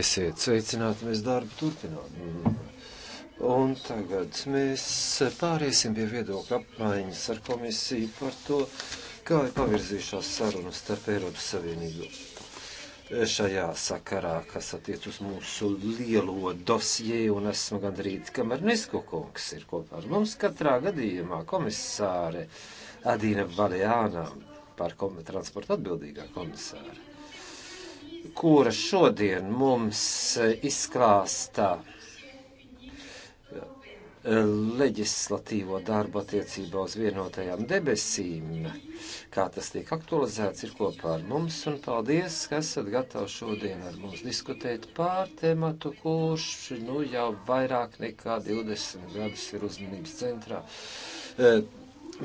Esiet sveicināti, mēs darbu turpinām. Un tagad mēs pāriesim pie viedokļa apmaiņas ar komisiju par to, kā ir pavirzījušās sarunas starp Eiropas Savienību šajā sakarā, kas attiec uz mūsu lielo dosie, un esmu gandrīz, kamēr Nesko kungs ir kopā ar mums katrā gadījumā komisāre Adīna Valjāna par kom transportu atbildīgā komisāra kura šodien mums izklāstā e, leģislatīvo darbu attiecībā uz vienotajām debesīm, kā tas tiek aktualizēts, ir kopā ar mums, un paldies, ka esat gatavi šodien ar mums diskutēt pār tematu, kurš nu, jau vairāk nekā 20 gadus ir uzmanības centrā. E,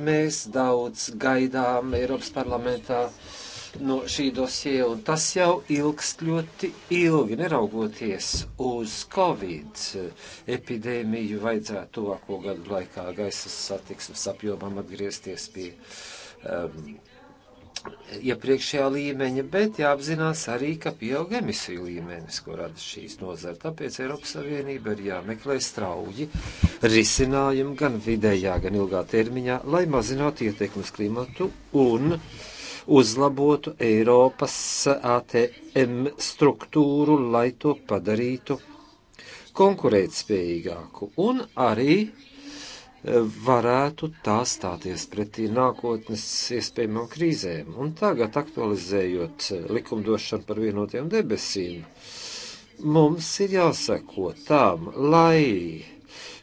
mēs daudz gaidām Eiropas parlamentā. Uh, no šī dosie, un tas jau ilgst ļoti ilgi, neraugoties uz Covid eh, epidēmiju, vajadzētu tuvāko gadu laikā gaisas satiksmes apjomam atgriezties pie um, iepriekšējā līmeņa, bet jāapzinās arī, ka pieaug emisiju līmenis, ko rada šīs nozara. Tāpēc Eiropas Savienība ir jāmeklē strauji risinājumi gan vidējā, gan ilgā termiņā, lai mazinātu ietekmes klimatu un uh, uzlabotu Eiropas ATM struktūru, lai to padarītu konkurētspējīgāku un arī e, varētu tā stāties pretī nākotnes iespējamām krīzēm. Un tagad, aktualizējot e, likumdošanu par vienotiem debesīm, mums ir jāseko tām, lai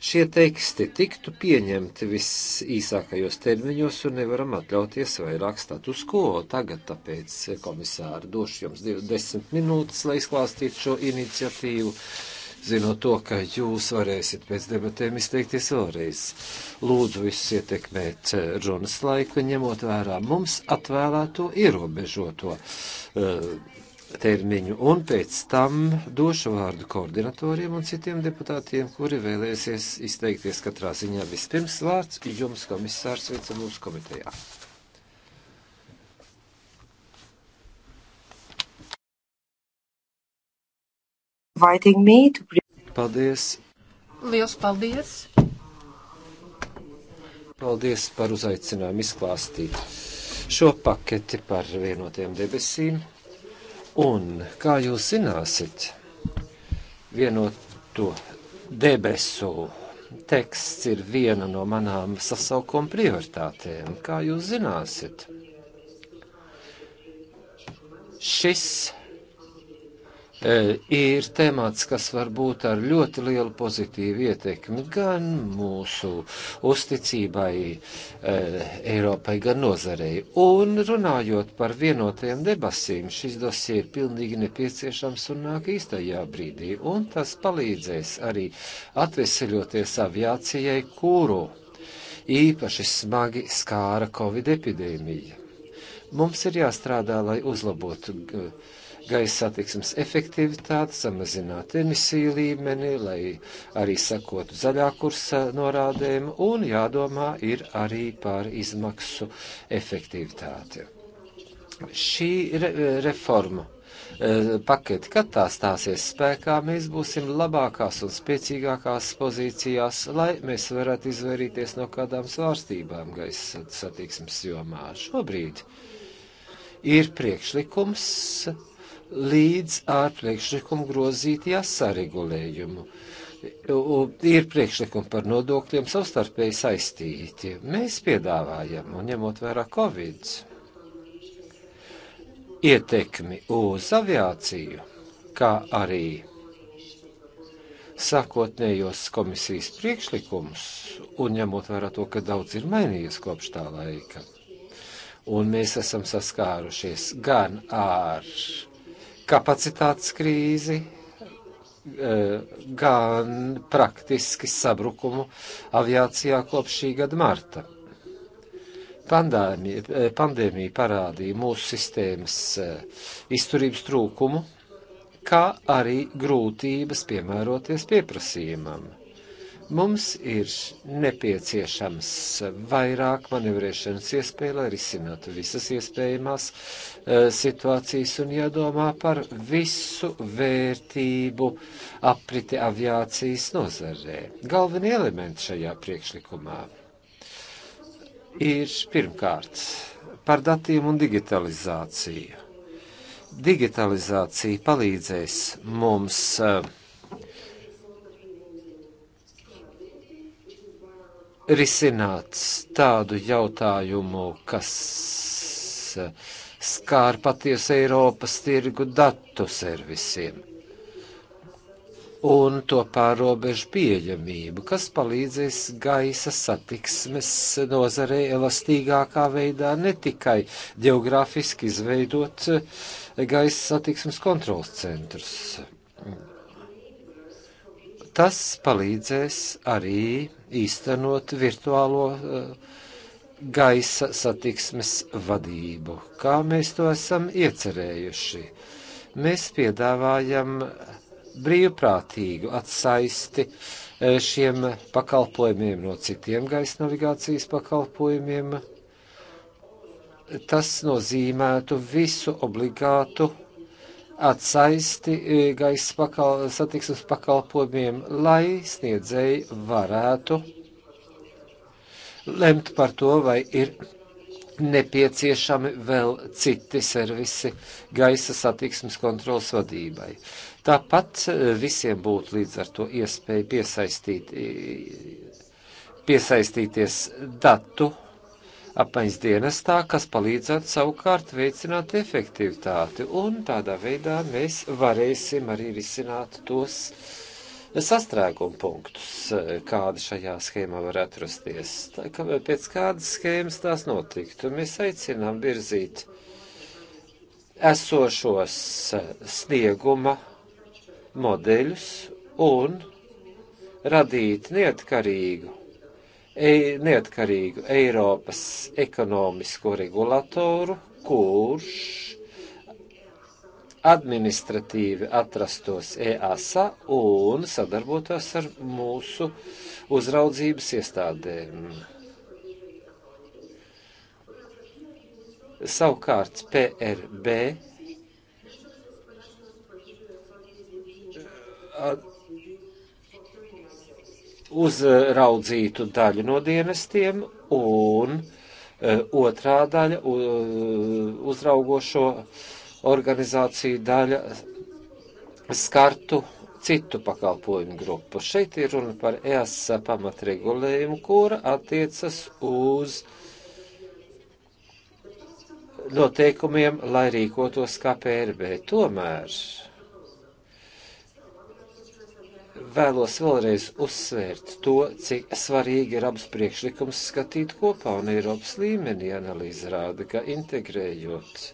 šie teksti tiktu pieņemti visīsākajos termiņos un nevaram atļauties vairāk status quo. Tagad, tāpēc, komisāri, došu jums 20 minūtes, lai izklāstītu šo iniciatīvu, zinot to, ka jūs varēsiet pēc debatēm izteikties vēlreiz. Lūdzu visus ietekmēt eh, runas laiku, ņemot vērā mums atvēlēto ierobežoto. Uh, termiņu, un pēc tam došu vārdu koordinatoriem un citiem deputātiem, kuri vēlēsies izteikties katrā ziņā. Vispirms vārds jums, komisārs, veicam mūsu komitejā. Paldies! Liels paldies! Paldies par uzaicinājumu izklāstīt šo paketi par vienotiem debesīm. Un, kā jūs zināsit, vienoto debesu teksts ir viena no manām sasaukuma prioritātēm, kā jūs zināsit. Šis Eh, ir temats, kas var būt ar ļoti lielu pozitīvu ietekmi gan mūsu uzticībai eh, Eiropai, gan nozarei. Un runājot par vienotajiem debasīm, šis dosie ir pilnīgi nepieciešams un nāk īstajā brīdī, un tas palīdzēs arī atveseļoties aviācijai, kuru īpaši smagi skāra Covid epidēmija. Mums ir jāstrādā, lai uzlabotu uh, gaisa satiksmes efektivitāti, samazināt emisiju līmeni, lai arī sakotu zaļā kursa norādēm, un jādomā ir arī par izmaksu efektivitāti. Šī re reforma e, paketi, kad tā stāsies spēkā, mēs būsim labākās un spēcīgākās pozīcijās, lai mēs varētu izvairīties no kādām svārstībām gaisa satiksmes jomā. Šobrīd ir priekšlikums līdz ar priekšlikumu grozīt jāsaregulējumu. Ir priekšlikumi par nodokļiem savstarpēji saistīti. Mēs piedāvājam, un ņemot vērā Covid ietekmi uz aviāciju, kā arī sākotnējos komisijas priekšlikumus, un ņemot vērā to, ka daudz ir mainījies kopš tā laika. Un mēs esam saskārušies gan ar uh, kapacitātes krīzi, e, gan praktiski sabrukumu aviācijā kopš šī gada marta. Pandēmija, e, pandēmija parādīja mūsu sistēmas e, izturības trūkumu, kā arī grūtības piemēroties pieprasījumam. Mums ir nepieciešams vairāk manevrēšanas iespēja, lai risinātu visas iespējamās e, situācijas un jādomā par visu vērtību apriti aviācijas nozarē. Galvenie elementi šajā priekšlikumā ir pirmkārt par datiem un digitalizāciju. Digitalizācija palīdzēs mums uh, e, risināt tādu jautājumu, kas eh, skār patiesu Eiropas tirgu datu servisiem un to pārobežu pieejamību, kas palīdzēs gaisa satiksmes nozarei elastīgākā veidā ne tikai geogrāfiski izveidot eh, gaisa satiksmes kontrols centrus. Tas palīdzēs arī īstenot virtuālo eh, gaisa satiksmes vadību, kā mēs to esam iecerējuši. Mēs piedāvājam brīvprātīgu atsaisti eh, šiem pakalpojumiem no citiem gaisa navigācijas pakalpojumiem. Tas nozīmētu visu obligātu atsaisti e, gaisa pakal, satiksmes pakalpojumiem, lai sniedzēji varētu lemt par to, vai ir nepieciešami vēl citi servisi gaisa satiksmes kontrolas vadībai. Tāpat e, visiem būtu līdz ar to iespēja piesaistīt, e, piesaistīties datu apmaiņas dienestā, kas palīdzētu savukārt veicināt efektivitāti. Un tādā veidā mēs varēsim arī risināt tos sastrēguma punktus, kādi šajā schēmā var atrasties. Tā, ka pēc kādas schēmas tās notiktu, mēs aicinām virzīt esošos snieguma modeļus un radīt neatkarīgu e neatkarīgu Eiropas ekonomisko regulatoru, kurš administratīvi atrastos EASA un sadarbotos ar mūsu uzraudzības iestādēm. Savukārt PRB at, uzraudzītu daļu no dienestiem un e, otrā daļa uzraugošo organizāciju daļa skartu citu pakalpojumu grupu. Šeit ir runa par EASA pamatregulējumu, kura attiecas uz noteikumiem, lai rīkotos kā PRB. Tomēr vēlos vēlreiz uzsvērt to, cik svarīgi ir abus priekšlikumus skatīt kopā un Eiropas līmenī analīze rāda, ka integrējot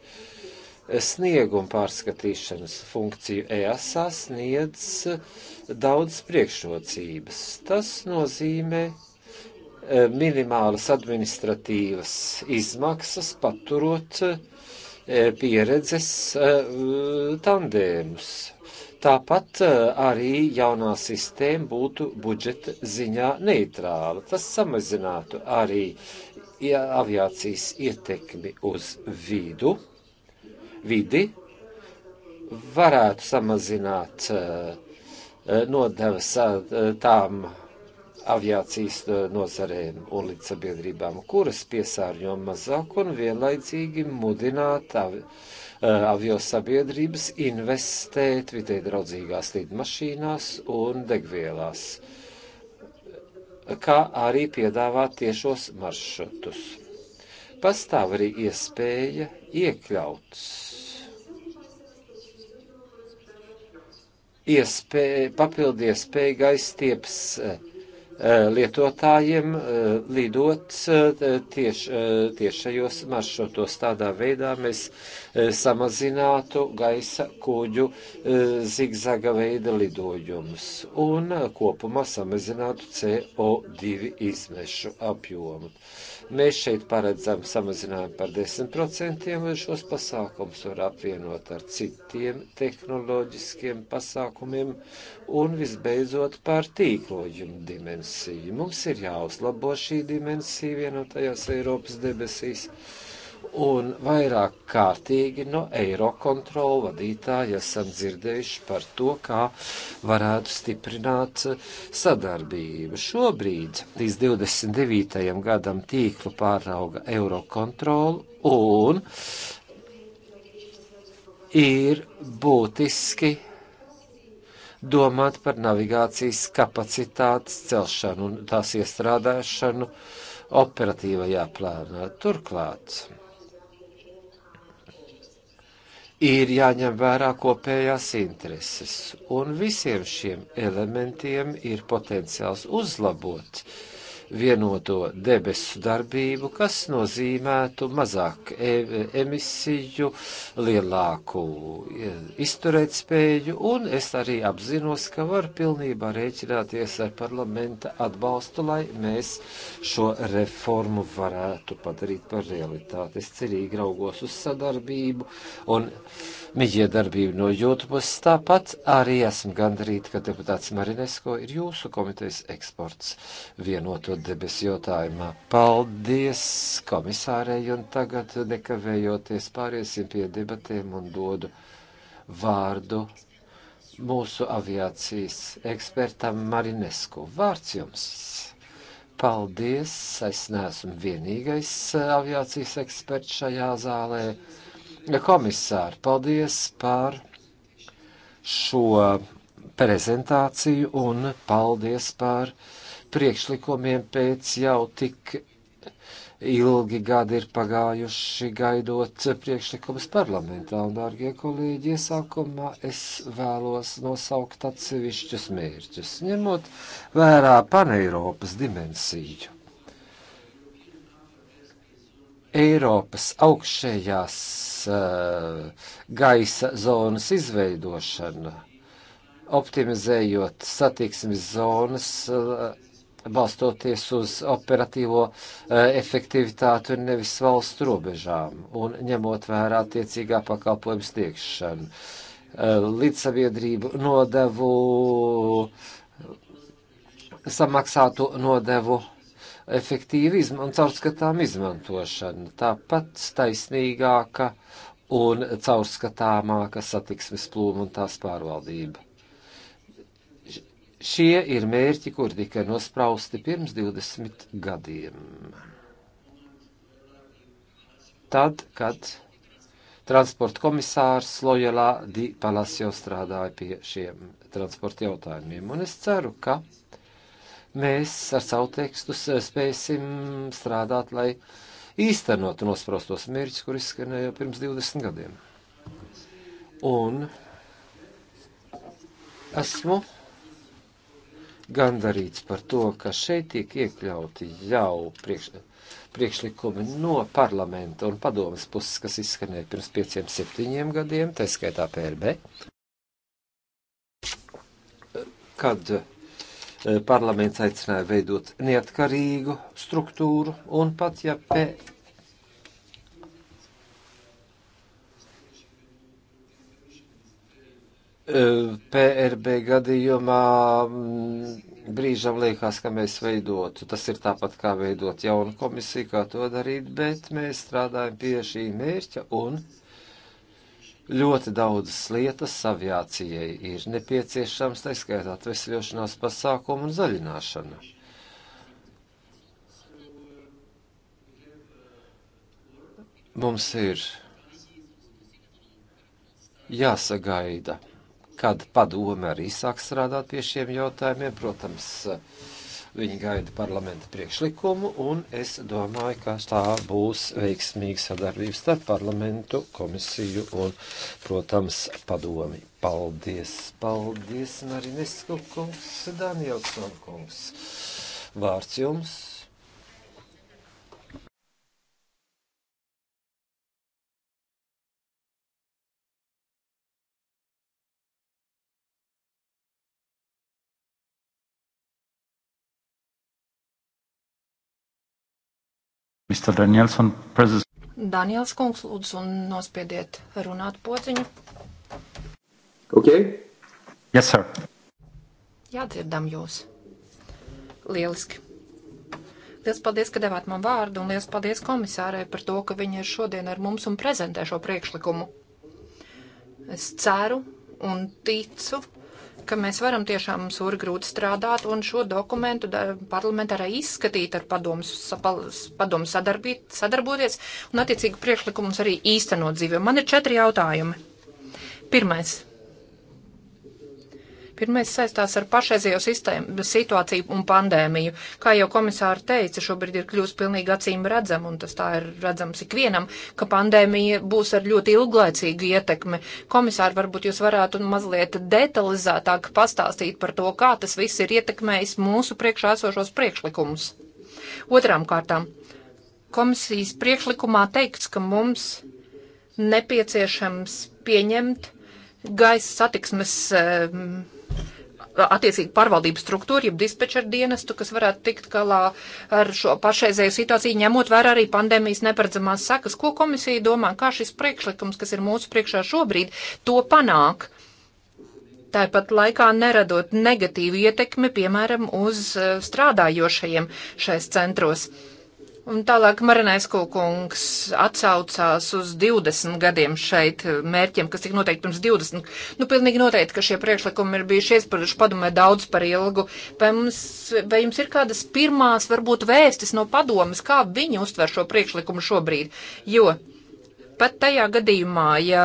snieguma pārskatīšanas funkciju EASA sniedz daudz priekšrocības. Tas nozīmē e, minimālas administratīvas izmaksas paturot e, pieredzes e, tandēmus Tāpat eh, arī jaunā sistēma būtu budžeta ziņā neitrāla. Tas samazinātu arī aviācijas ietekmi uz vidu, vidi, varētu samazināt eh, eh, nodevas tām aviācijas nozarēm un līdz sabiedrībām, kuras piesārņo mazāk un vienlaicīgi mudināt aviāciju Eh, aviosabiedrības investēt vidē draudzīgās lidmašīnās un degvielās, kā arī piedāvāt tiešos maršrutus. Pastāv arī iespēja iekļaut iespēja, papildi iespēja gaistieps eh, Eh, lietotājiem eh, lidot eh, tieš, tiešajos maršrutos. Tādā veidā mēs samazinātu gaisa kuģu zigzaga veida lidojumus un kopumā samazinātu CO2 izmešu apjomu. Mēs šeit paredzam samazinājumu par 10% un šos pasākumus var apvienot ar citiem tehnoloģiskiem pasākumiem un visbeidzot par tīklojumu dimensiju. Mums ir jāuzlabo šī dimensija vienotajās Eiropas debesīs un vairāk kārtīgi no Eirokontrola vadītāja esam dzirdējuši par to, kā varētu stiprināt sadarbību. Šobrīd līdz 29. gadam tīklu pārauga Eirokontrola un ir būtiski domāt par navigācijas kapacitātes celšanu un tās iestrādāšanu operatīvajā plānā. Turklāt ir jāņem vērā kopējās intereses, un visiem šiem elementiem ir potenciāls uzlabot uh, vienoto debesu darbību, kas nozīmētu mazāk e emisiju, lielāku e, izturēt spēju, un es arī apzinos, ka var pilnībā rēķināties ar parlamenta atbalstu, lai mēs šo reformu varētu padarīt par realitāti. Es cerīgi raugos uz sadarbību un mijiedarbību no jūtubas. Tāpat arī esmu gandrīt, ka deputāts Marinesko ir jūsu komitejas eksports vienoto debesu jautājumā. Paldies komisārei un tagad nekavējoties pāriesim pie debatēm un dodu vārdu mūsu aviācijas ekspertam Marinesku. Vārds jums! Paldies! Es neesmu vienīgais aviācijas eksperts šajā zālē komisāri, paldies par šo prezentāciju un paldies par priekšlikumiem pēc jau tik ilgi gadi ir pagājuši gaidot priekšlikumus parlamentā. Un, dārgie kolēģi, iesākumā es vēlos nosaukt atsevišķus mērķus, ņemot vērā paneiropas dimensiju Eiropas augšējās uh, gaisa zonas izveidošana, optimizējot satiksmes zonas, uh, balstoties uz operatīvo uh, eh, efektivitāti un nevis valstu robežām, un ņemot vērā attiecīgā pakalpojuma sniegšanu, uh, līdzsaviedrību nodevu, samaksātu nodevu. Uh, efektīva izma un caurskatām izmantošana, tāpat taisnīgāka un caurskatāmāka satiksmes plūma un tās pārvaldība. Šie ir mērķi, kur tika nosprausti pirms 20 gadiem. Tad, kad transporta komisārs Lojelā Di Palacio strādāja pie šiem transporta jautājumiem, un es ceru, ka mēs ar savu tekstu eh, spēsim strādāt, lai īstenotu nosprostos mērķus, kur izskanēja pirms 20 gadiem. Un esmu gandarīts par to, ka šeit tiek iekļauti jau priekš, priekšlikumi no parlamenta un padomas puses, kas izskanēja pirms pieciem, septiņiem gadiem, tā skaitā PRB, kad Eh, parlaments aicināja veidot neatkarīgu struktūru, un pat ja pē... Eh, PRB gadījumā mm, brīžam liekas, ka mēs veidotu, tas ir tāpat kā veidot jaunu komisiju, kā to darīt, bet mēs strādājam pie šī mērķa un uh, ļoti daudzas lietas aviācijai ir nepieciešams, tā skaitā atvesļošanās pasākumu un zaļināšana. Mums ir jāsagaida, kad padome arī sāk strādāt pie šiem jautājumiem. Protams, uh, Viņi gaida parlamenta priekšlikumu, un es domāju, ka tā būs veiksmīga sadarbība starp parlamentu, komisiju un, protams, padomi. Paldies, paldies, Marinesku kungs, Danielson kungs. Vārds jums. Mr. Danielson, prezes. Daniels kungs, lūdzu, un nospiediet runāt podziņu. Ok? Yes, sir. Jā, dzirdam jūs. Lieliski. Liels paldies, ka devāt man vārdu, un liels paldies komisārai par to, ka viņa ir šodien ar mums un prezentē šo priekšlikumu. Es ceru un ticu, ka mēs varam tiešām mums ir grūti strādāt un šo dokumentu parlamentā arī izskatīt ar padomu sadarboties un attiecīgi priekšlikumus arī īstenot dzīvē. Man ir četri jautājumi. Pirmais. Pirmais saistās ar pašreizējo sistēmu, situāciju un pandēmiju. Kā jau komisāri teica, šobrīd ir kļūst pilnīgi acīm redzam, un tas tā ir redzams ikvienam, ka pandēmija būs ar ļoti ilglaicīgu ietekmi. Komisāri, varbūt jūs varētu mazliet detalizētāk pastāstīt par to, kā tas viss ir ietekmējis mūsu priekšā esošos priekšlikumus. Otrām kārtām, komisijas priekšlikumā teikts, ka mums nepieciešams pieņemt gaisa satiksmes um, attiecīgi pārvaldības struktūru, jeb dispečeru dienestu, kas varētu tikt galā ar šo pašreizēju situāciju, ņemot vērā arī pandēmijas neparedzamās sekas. Ko komisija domā, kā šis priekšlikums, kas ir mūsu priekšā šobrīd, to panāk? Tāpat laikā neradot negatīvu ietekmi, piemēram, uz eh, strādājošajiem šais centros. Un tālāk Marinaisko kungs atsaucās uz 20 gadiem šeit mērķiem, kas tika noteikti pirms 20. Nu, pilnīgi noteikti, ka šie priekšlikumi ir bijuši iespaduši padomē daudz par ilgu. Vai, mums, vai jums ir kādas pirmās, varbūt, vēstis no padomas, kā viņi uztver šo priekšlikumu šobrīd? Jo pat tajā gadījumā, ja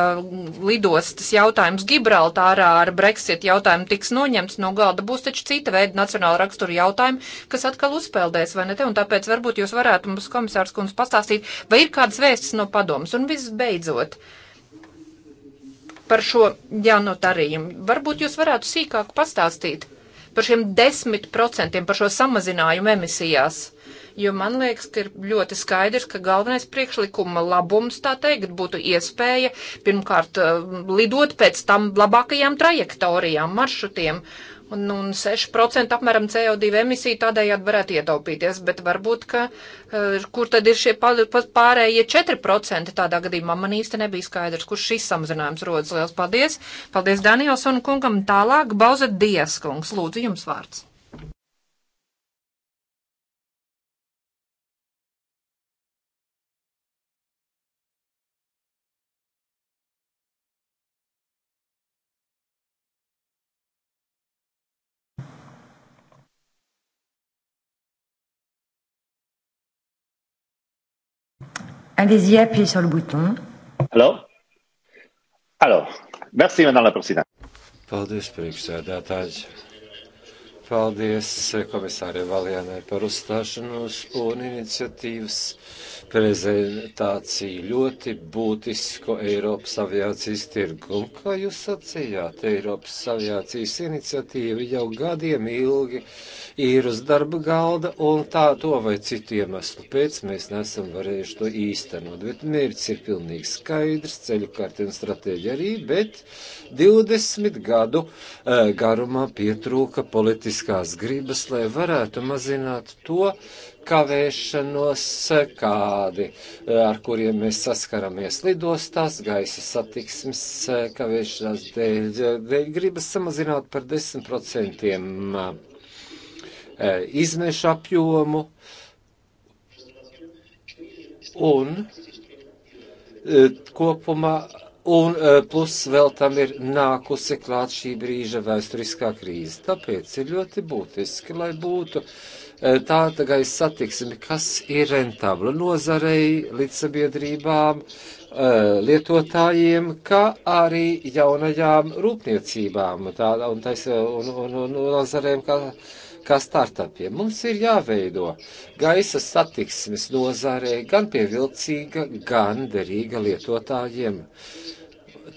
lidostas jautājums Gibraltārā ar Brexit jautājumu tiks noņemts no galda, būs taču cita veida nacionāla rakstura jautājumi, kas atkal uzpeldēs, vai ne te? Un tāpēc varbūt jūs varētu mums komisārs kundz pastāstīt, vai ir kādas vēstis no padomas. Un visbeidzot par šo jauno darījumu. Varbūt jūs varētu sīkāk pastāstīt par šiem desmit procentiem, par šo samazinājumu emisijās jo man liekas, ka ir ļoti skaidrs, ka galvenais priekšlikuma labums, tā teikt, būtu iespēja pirmkārt eh, lidot pēc tam labākajām trajektorijām, maršrutiem. Un, un 6% apmēram CO2 emisiju tādējādi varētu ietaupīties, bet varbūt, ka eh, kur tad ir šie pārējie 4% tādā gadījumā, man īsti nebija skaidrs, kur šis samazinājums rodas. Liels paldies! Paldies Daniels un kungam! Tālāk Bauzet Dieskungs, lūdzu jums vārds! Allez-y, appuyez sur le bouton. Hello? Hello. Merci, Madame la Présidente. Paldies, priekšsēdētājs. Paldies komisārai Valienai par uzstāšanos un iniciatīvas prezentāciju ļoti būtisku Eiropas aviācijas tirgumu. Kā jūs sacījāt, Eiropas aviācijas iniciatīva jau gadiem ilgi ir uz darba galda, un tā to vai citu iemeslu pēc mēs nesam varējuši to īstenot. Bet mērķis ir pilnīgi skaidrs, ceļu kārta un stratēģija arī, bet 20 gadu eh, garumā pietrūka politiskās gribas, lai varētu mazināt to, kavēšanos, kādi, ar kuriem mēs saskaramies lidostās, gaisa satiksmes kavēšanās dēļ, dēļ gribas samazināt par 10% e, izmešu apjomu un e, kopumā Un e, plus vēl tam ir nākusi klāt šī brīža vēsturiskā krīze. Tāpēc ir ļoti būtiski, lai būtu uh, Eh, tāda gaisa satiksme, kas ir rentabla nozarei, līdzsabiedrībām, eh, lietotājiem, kā arī jaunajām rūpniecībām tādā, un, tais, un, un, un nozarēm, kā, kā startupiem. Mums ir jāveido gaisa satiksmes nozarē gan pievilcīga, gan derīga lietotājiem.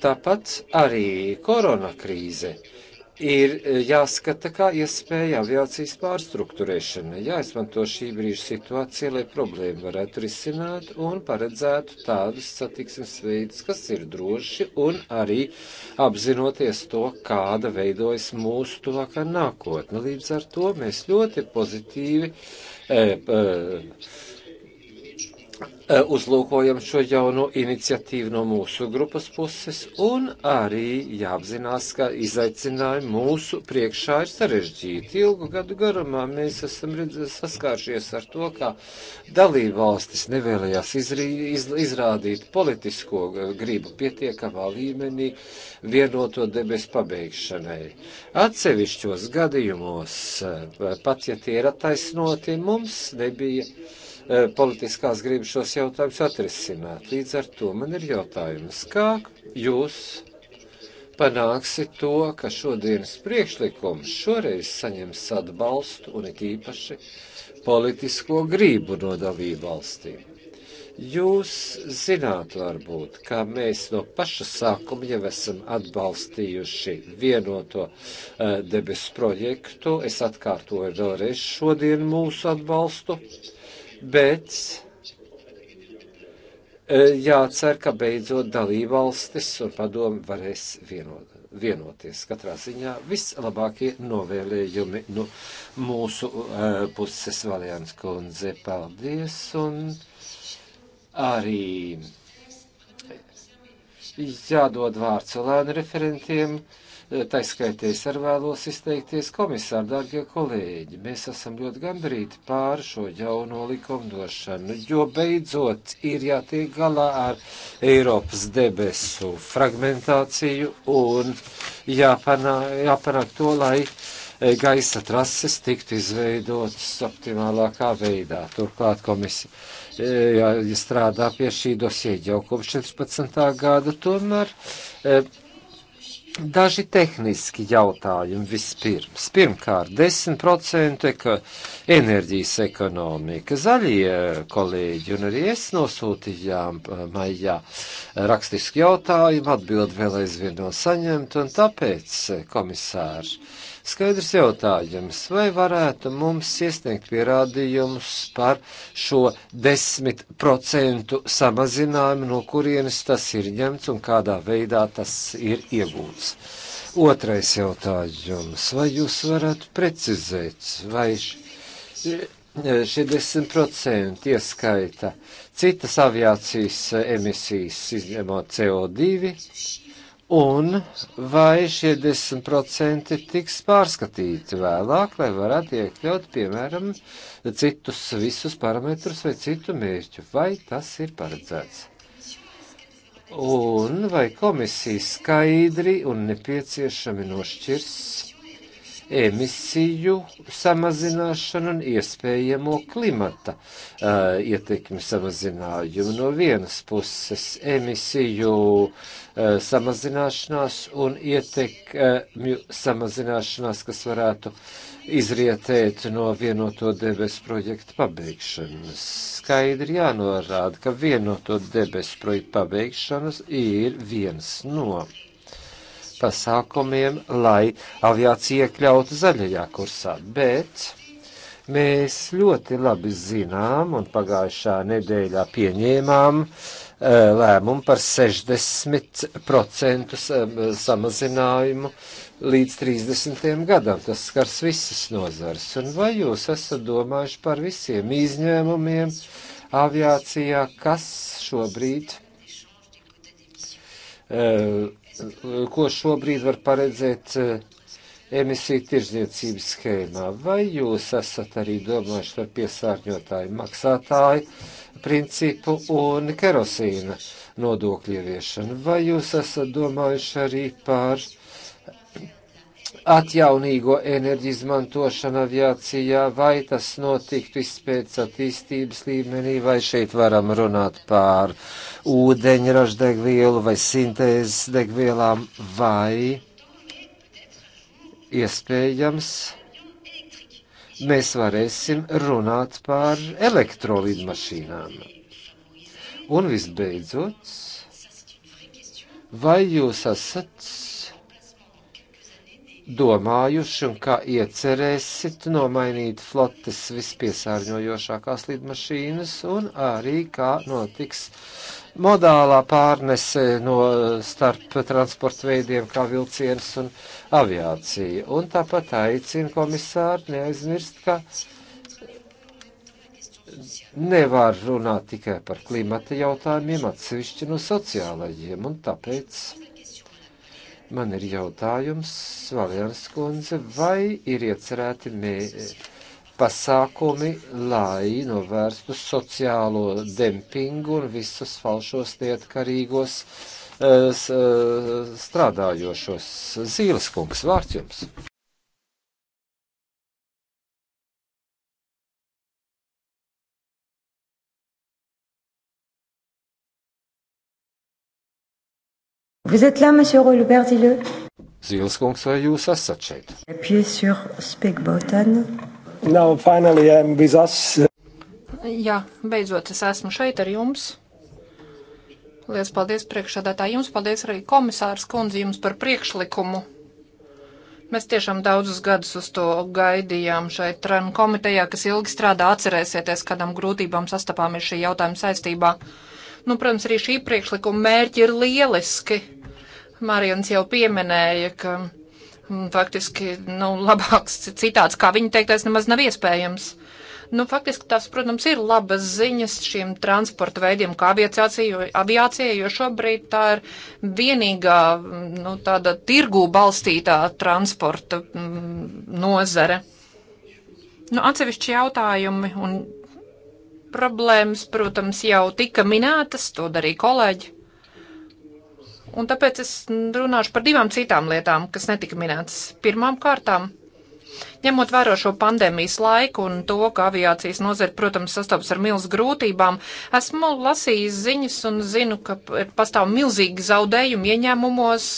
Tāpat arī korona krīze. Uh, ir e, jāskata kā iespēja aviācijas pārstruktūrēšana, jāizmanto šī brīža situācija, lai problēmu varētu risināt un paredzētu tādus satiksmes veidus, kas ir droši un arī apzinoties to, kāda veidojas mūsu tuvākā nākotne. Līdz ar to mēs ļoti pozitīvi. E, e, Eh, uzlūkojam šo jauno iniciatīvu no mūsu grupas puses un arī jāapzinās, ka izaicinājumi mūsu priekšā ir sarežģīti. Ilgu gadu garumā mēs esam redz, saskāršies ar to, ka dalībvalstis nevēlējās izrī, iz, izrādīt politisko gribu pietiekamā līmenī vienoto debesu pabeigšanai. Atsevišķos gadījumos, eh, pat ja tie ir attaisnoti, mums nebija E, politiskās gribas šos jautājumus atrisināt. Līdz ar to man ir jautājums, kā jūs panāksiet to, ka šodienas priekšlikums šoreiz saņems atbalstu un it īpaši politisko gribu no dalību valstīm. Jūs zināt, varbūt, ka mēs no paša sākuma jau esam atbalstījuši vienoto uh, debesu projektu. Es atkārtoju vēlreiz šodien mūsu atbalstu. Uh, bet eh, jācer, ka beidzot dalībvalstis un padomi varēs vienot, vienoties. Katrā ziņā vislabākie novēlējumi no nu, mūsu uh, puses Valjāns kundze. Paldies! Un arī jādod vārds Olēna referentiem. Uh, taiskaities ar vēlos izteikties komisāri, dārgie kolēģi. Mēs esam ļoti gandrīti pār šo jauno likumdošanu, jo beidzot ir jātiek galā ar Eiropas debesu fragmentāciju un jāpanāk, jāpanāk to, lai eh, gaisa trases tiktu izveidotas optimālākā veidā. Turklāt komisija eh, jā, strādā pie šī dosie jau kopš 14. gada, tomēr eh, Daži tehniski jautājumi vispirms. Pirmkārt, 10% eko, enerģijas ekonomika. Zaļie kolēģi un arī es nosūtījām eh, maijā rakstisku jautājumu, atbildi vēl aizvien no saņemt, un tāpēc, eh, komisārs, Skaidrs jautājums, vai varētu mums iesniegt pierādījumus par šo 10% samazinājumu, no kurienes tas ir ņemts un kādā veidā tas ir iegūts? Otrais jautājums, vai jūs varētu precizēt, vai šie 10% ieskaita citas aviācijas emisijas, izņemot CO2? un vai šie 10% tiks pārskatīti vēlāk, lai varētu iekļaut, piemēram, citus visus parametrus vai citu mērķu, vai tas ir paredzēts. Un vai komisija skaidri un nepieciešami nošķirs emisiju samazināšanu un iespējamo klimata uh, ietekmi samazinājumu. No vienas puses emisiju uh, samazināšanās un ietekmju uh, samazināšanās, kas varētu izrietēt no vienoto debesu projekta pabeigšanas. Skaidri jānorāda, ka vienoto debesu projekta pabeigšanas ir viens no pasākumiem, lai aviācija iekļautu zaļajā kursā, bet mēs ļoti labi zinām un pagājušā nedēļā pieņēmām eh, lēmumu par 60% eh, samazinājumu līdz 30. gadam. Tas skars visas nozars. Un vai jūs esat domājuši par visiem izņēmumiem aviācijā, kas šobrīd uh, ko šobrīd var paredzēt eh, emisiju tirzniecības schēmā. Vai jūs esat arī domājuši par piesārņotāju maksātāju principu un kerosīna nodokļu ieviešanu? Vai jūs esat domājuši arī par atjaunīgo enerģiju izmantošana aviācijā, vai tas notiktu izpētes attīstības līmenī, vai šeit varam runāt pār ūdeņraža degvielu vai sintēzes degvielām, vai iespējams mēs varēsim runāt pār elektrolīdmašīnām. Un visbeidzot, vai jūs esat domājuši un kā iecerēsit nomainīt flotes vispiesārņojošākās lidmašīnas un arī kā notiks modālā pārnese no starp transporta veidiem kā vilciens un aviācija. Un tāpat aicinu komisāru neaizmirst, ka nevar runāt tikai par klimata jautājumiem, atsevišķi no sociālajiem un tāpēc Man ir jautājums, Valjans kundze, vai ir iecerēti mēs pasākumi, lai novērstu sociālo dempingu un visus falšos lietkarīgos eh, eh, strādājošos. Zīles kungs, vārds jums! Vous êtes là, monsieur Robert Dilleux? Zīleskungs, vai jūs esat šeit? Now, finally, I'm with us. Jā, beidzot es esmu šeit ar jums. Lielas paldies priekšādātāji jums, paldies arī komisārs kundzi jums par priekšlikumu. Mēs tiešām daudzus gadus uz to gaidījām šeit Tran komitejā, kas ilgi strādā, atcerēsieties, kādām grūtībām sastapāmies šī jautājuma saistībā. Nu, protams, arī šī priekšlikuma mērķi ir lieliski. Marijans jau pieminēja, ka mm, faktiski nu, labāks citāts, kā viņa teiktais, nemaz nav iespējams. Nu, faktiski tas, protams, ir labas ziņas šiem transporta veidiem, kā aviācija, jo, aviācija, jo šobrīd tā ir vienīgā nu, tāda tirgū balstītā transporta mm, nozare. Nu, atsevišķi jautājumi un problēmas, protams, jau tika minētas, to darīja kolēģi. Un tāpēc es runāšu par divām citām lietām, kas netika minētas. Pirmām kārtām, ņemot vērā šo pandēmijas laiku un to, ka aviācijas nozara, protams, sastopas ar milz grūtībām, esmu lasījis ziņas un zinu, ka pastāv milzīgi zaudējumi ieņēmumos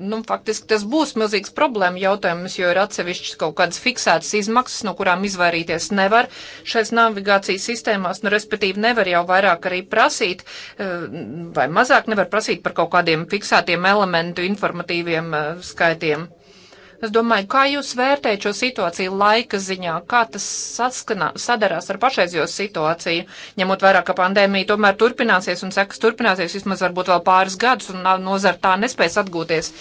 Nu, faktiski tas būs milzīgs problēma jautājums, jo ir atsevišķas kaut kādas fiksētas izmaksas, no kurām izvairīties nevar šais navigācijas sistēmās, nu, respektīvi nevar jau vairāk arī prasīt, eh, vai mazāk nevar prasīt par kaut kādiem fiksētiem elementu informatīviem eh, skaitiem. Es domāju, kā jūs vērtējat šo situāciju laika ziņā, kā tas saskanā, sadarās ar pašreizējo situāciju, ņemot vērā, ka pandēmija tomēr turpināsies un sekas turpināsies vismaz varbūt vēl pāris gadus un nozar tā nespēs atgūties.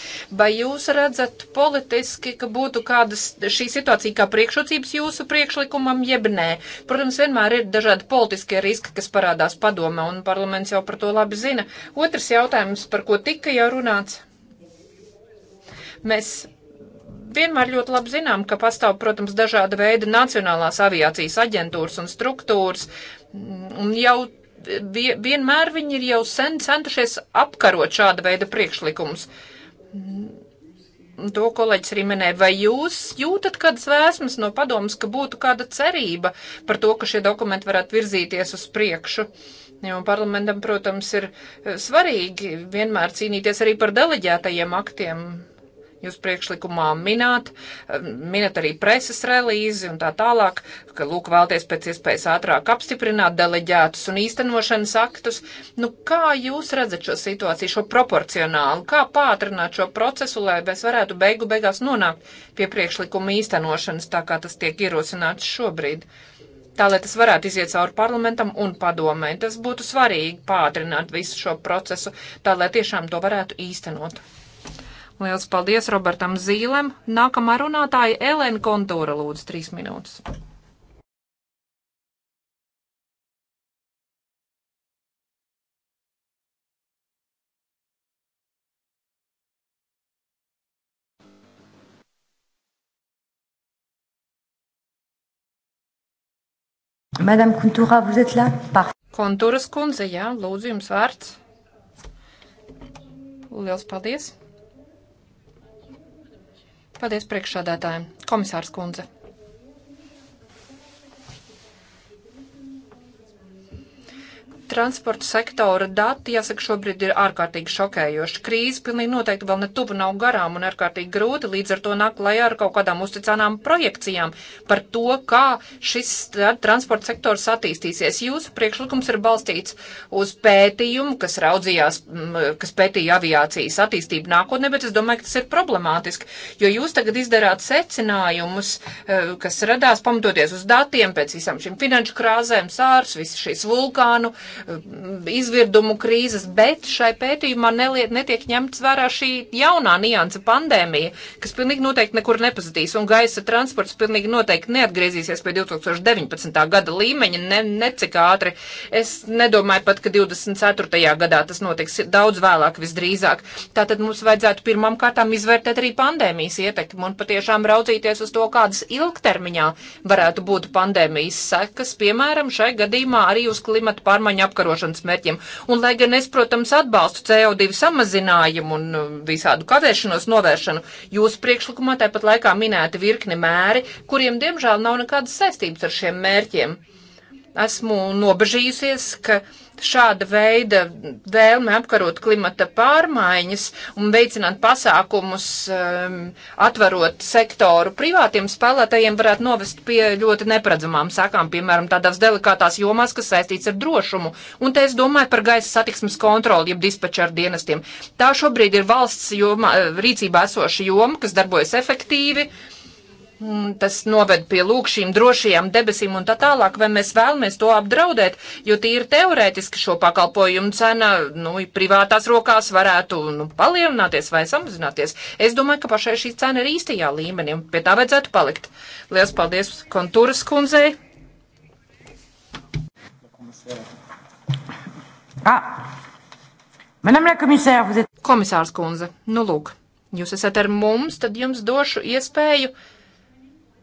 Vai jūs redzat politiski, ka būtu kādas šī situācija kā priekšrocības jūsu priekšlikumam, jeb nē? Protams, vienmēr ir dažādi politiskie riski, kas parādās padome un parlaments jau par to labi zina. Otrs jautājums, par ko tika jau runāts. Mēs vienmēr ļoti labi zinām, ka pastāv, protams, dažāda veida nacionālās aviācijas aģentūras un struktūras. Un jau vienmēr viņi ir jau sen centušies apkarot šāda veida priekšlikumus to kolēģis arī minēja, vai jūs jūtat kādas vēsmas no padomas, ka būtu kāda cerība par to, ka šie dokumenti varētu virzīties uz priekšu? Jo parlamentam, protams, ir eh, svarīgi vienmēr cīnīties arī par deleģētajiem aktiem, Jūs priekšlikumā minat, eh, minat arī preses relīzi un tā tālāk, ka lūk vēlties pēc iespējas ātrāk apstiprināt deleģētus un īstenošanas aktus. Nu, kā jūs redzat šo situāciju, šo proporcionālu, kā pātrināt šo procesu, lai mēs varētu beigu beigās nonākt pie priekšlikuma īstenošanas, tā kā tas tiek ierosināts šobrīd? tā lai tas varētu iziet cauri parlamentam un padomē. Tas būtu svarīgi pātrināt visu šo procesu, tā lai tiešām to varētu īstenot. Liels paldies Robertam Zīlem. Nākamā runātāja Elēna Kontūra lūdzu trīs minūtes. Madame Kuntura, vous êtes là? Parfait. Konturas kundze, jā, lūdzu jums vārds. Liels paldies! Paldies priekšādātājiem. Komisārs kundze. transporta sektora dati, jāsaka, šobrīd ir ārkārtīgi šokējoši. Krīze pilnīgi noteikti vēl netuvu nav garām un ārkārtīgi grūti, līdz ar to nāk klajā ar kaut kādām uzticāmām projekcijām par to, kā šis transporta sektors attīstīsies. Jūsu priekšlikums ir balstīts uz pētījumu, kas raudzījās, kas pētīja aviācijas attīstību nākotnē, bet es domāju, ka tas ir problemātiski, jo jūs tagad izdarāt secinājumus, e, kas radās pamatoties uz datiem pēc visam šim finanšu krāzēm, sārs, visas šīs vulkānu Eh, izvirdumu krīzes, bet šai pētījumā neliet, netiek ņemts vērā šī jaunā nianse pandēmija, kas pilnīgi noteikti nekur nepazudīs, un gaisa transports pilnīgi noteikti neatgriezīsies pie 2019. gada līmeņa, ne, necik ātri. Es nedomāju pat, ka 24. gadā tas notiks daudz vēlāk visdrīzāk. Tātad mums vajadzētu pirmām kārtām izvērtēt arī pandēmijas ietekmi un patiešām raudzīties uz to, kādas ilgtermiņā varētu būt pandēmijas sekas, piemēram, šai gadījumā arī uz klimata pārmaiņu apkarošanas mērķiem. Un, lai gan es, protams, atbalstu CO2 samazinājumu un uh, visādu kavēšanos novēršanu, jūsu priekšlikumā tāpat laikā minēti virkni mēri, kuriem, diemžēl, nav nekādas saistības ar šiem mērķiem esmu nobežījusies, ka šāda veida vēlme apkarot klimata pārmaiņas un veicināt pasākumus, um, atverot sektoru privātiem spēlētājiem, varētu novest pie ļoti neparedzamām sakām, piemēram, tādās delikātās jomās, kas saistīts ar drošumu. Un te es domāju par gaisa satiksmes kontroli, jeb dispečeru dienestiem. Tā šobrīd ir valsts joma, rīcībā esoša joma, kas darbojas efektīvi. Uh, Mm, tas noved pie lūk šīm drošajām debesīm un tā tālāk, vai mēs vēlamies to apdraudēt, jo tīri teorētiski šo pakalpojumu cena, nu, privātās rokās varētu, nu, palielināties vai samazināties. Es domāju, ka pašai šī cena ir īstajā līmenī un pie tā vajadzētu palikt. Lielas paldies kontūras kundzei. Ah. Madame la komisāra, vous êtes... Komisārs kundze, nu lūk, jūs esat ar mums, tad jums došu iespēju. Uh,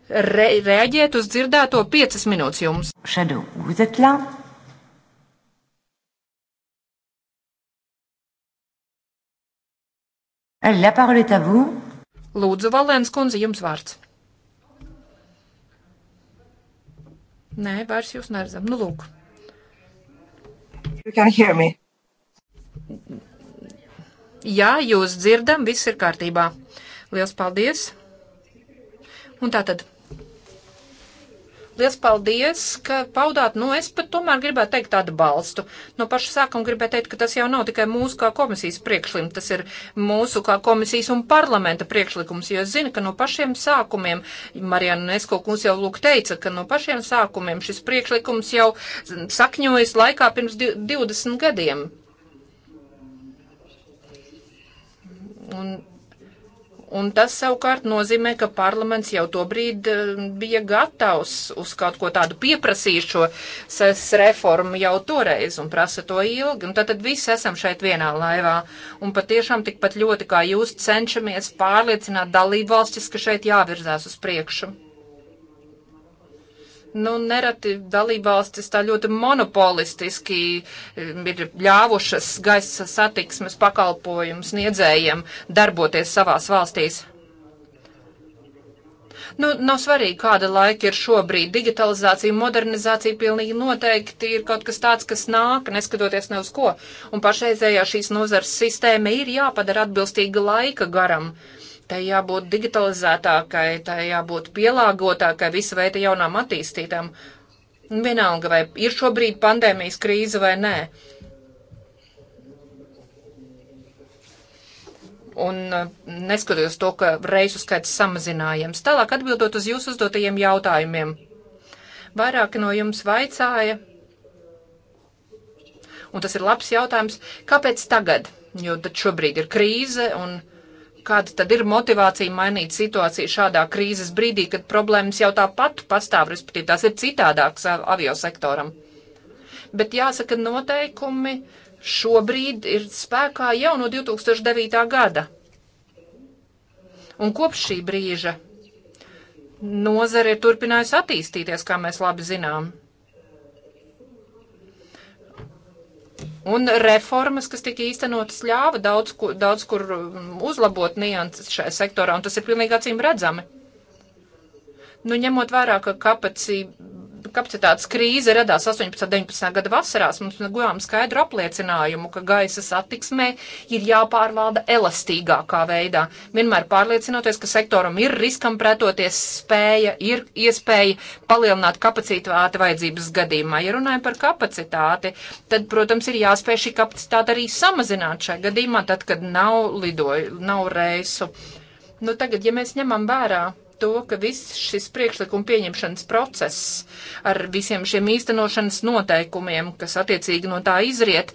re reaģēt uz dzirdēto piecas minūtes jums. Šadu, La parole est à vous. Lūdzu, Valēns kundze, jums vārds. Nē, vairs jūs neredzam. Nu, lūk. You can hear me. Jā, jūs dzirdam, viss ir kārtībā. Liels paldies. Un tā tad Liels paldies, ka paudāt, nu es pat tomēr gribētu teikt tādu balstu. No paša sākuma gribētu teikt, ka tas jau nav tikai mūsu kā komisijas priekšlikums, tas ir mūsu kā komisijas un parlamenta priekšlikums, jo es zinu, ka no pašiem sākumiem, Marijana Nesko kungs jau lūk teica, ka no pašiem sākumiem šis priekšlikums jau sakņojas laikā pirms 20 gadiem. Un Un tas savukārt nozīmē, ka parlaments jau to brīdi eh, bija gatavs uz kaut ko tādu pieprasīšo ses reformu jau toreiz un prasa to ilgi. Un tad, tad visi esam šeit vienā laivā. Un patiešām tikpat ļoti kā jūs cenšamies pārliecināt dalību valstis, ka šeit jāvirzās uz priekšu. Nu, nereti dalībvalstis tā ļoti monopolistiski ir ļāvušas gaisa satiksmes pakalpojumu sniedzējiem darboties savās valstīs. Nu, nav svarīgi, kāda laika ir šobrīd. Digitalizācija, modernizācija pilnīgi noteikti ir kaut kas tāds, kas nāk, neskatoties ne uz ko. Un pašreizējā šīs nozars sistēma ir jāpadara atbilstīga laika garam. Uh, tai jābūt digitalizētākai, tai jābūt pielāgotākai visu veidu jaunām attīstītām. Vienalga, vai ir šobrīd pandēmijas krīze vai nē. un uh, neskatoties to, ka reisu skaits samazinājams. Tālāk atbildot uz jūsu uzdotajiem jautājumiem. Vairāki no jums vaicāja, un tas ir labs jautājums, kāpēc tagad? Jo tad šobrīd ir krīze un krīze Kāda tad ir motivācija mainīt situāciju šādā krīzes brīdī, kad problēmas jau tāpat pastāv, respektīvi tās ir citādākas aviosektoram? Bet jāsaka, noteikumi šobrīd ir spēkā jau no 2009. gada. Un kopš šī brīža nozare ir turpinājusi attīstīties, kā mēs labi zinām. Un reformas, kas tika īstenotas, ļāva daudz, kur, daudz kur um, uzlabot nianses šajā sektorā, un tas ir pilnīgi acīm redzami. Nu, ņemot vērā, ka kapacība kapacitātes krīze radās 18. un 19. gada vasarās, mums gujām skaidru apliecinājumu, ka gaisa satiksmē ir jāpārvalda elastīgākā veidā. Vienmēr pārliecinoties, ka sektoram ir riskam pretoties spēja, ir iespēja palielināt kapacitāti vajadzības gadījumā. Ja runājam par kapacitāti, tad, protams, ir jāspēj šī kapacitāte arī samazināt šajā gadījumā, tad, kad nav lidoju, nav reisu. Nu, tagad, ja mēs ņemam vērā to, ka viss šis priekšlikuma pieņemšanas process ar visiem šiem īstenošanas noteikumiem, kas attiecīgi no tā izriet,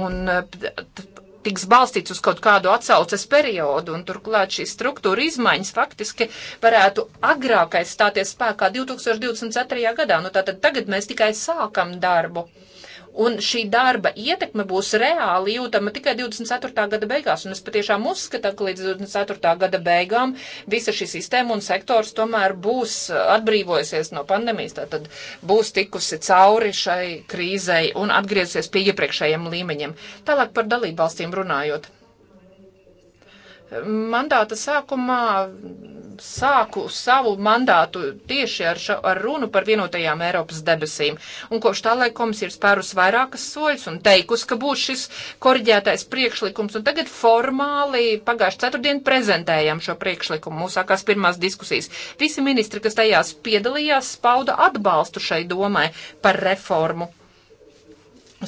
un eh, tiks balstīts uz kaut kādu atsauces periodu, un turklāt šīs struktūra izmaiņas faktiski varētu agrākais stāties spēkā 2024. gadā. Nu, tātad tagad mēs tikai sākam darbu. Un šī darba ietekme būs reāli jūtama tikai 24. gada beigās. Un es patiešām uzskatu, ka līdz 24. gada beigām visa šī sistēma un sektors tomēr būs atbrīvojusies no pandēmijas, tātad būs tikusi cauri šai krīzei un atgriezusies pie iepriekšējiem līmeņiem. Tālāk par dalībvalstīm runājot mandāta sākumā sāku savu mandātu tieši ar, ša, ar runu par vienotajām Eiropas debesīm. Un kopš tā laika komisija ir spērus vairākas soļus un teikusi, ka būs šis korģētais priekšlikums. Un tagad formāli pagājuši ceturtdien prezentējam šo priekšlikumu. Mūs sākās pirmās diskusijas. Visi ministri, kas tajās piedalījās, spauda atbalstu šai domai par reformu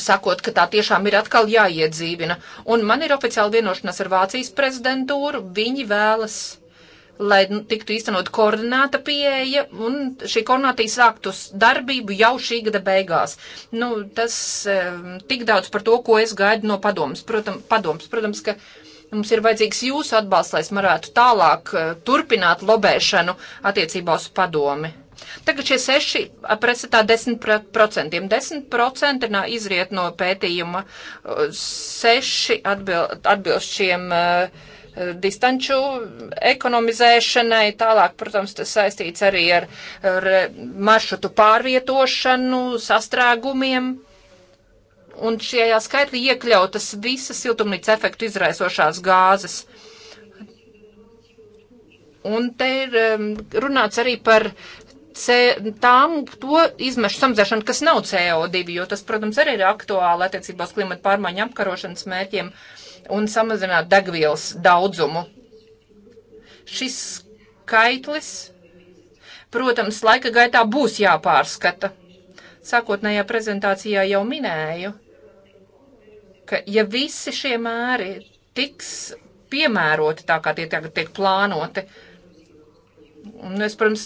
sakot, ka tā tiešām ir atkal jāiedzīvina. Un man ir oficiāli vienošanās ar Vācijas prezidentūru, viņi vēlas lai nu, tiktu īstenot koordināta pieeja, un šī koordināta sāktu darbību jau šī gada beigās. Nu, tas tik daudz par to, ko es gaidu no padomas. Protams, padoms, protams, ka mums ir vajadzīgs jūsu atbalsts, lai es varētu tālāk eh, turpināt lobēšanu attiecībā uz padomi. Tagad šie 6 pretstatā 10%. 10% izriet no pētījuma, 6 atbil, atbilst šiem eh, distanču ekonomizēšanai. Tālāk, protams, tas saistīts arī ar, ar maršrutu pārvietošanu, sastrēgumiem. Un šajā skaitlī iekļautas visas siltumnīca efektu izraisošās gāzes. Un te ir eh, runāts arī par tām to izmešu samazēšanu, kas nav CO2, jo tas, protams, arī ir aktuāli attiecībā uz klimata pārmaiņu apkarošanas mērķiem un samazināt degvielas daudzumu. Šis skaitlis, protams, laika gaitā būs jāpārskata. Sākotnējā prezentācijā jau minēju, ka ja visi šie mēri tiks piemēroti tā, kā tie tagad tiek plānoti, uh, Un es, protams,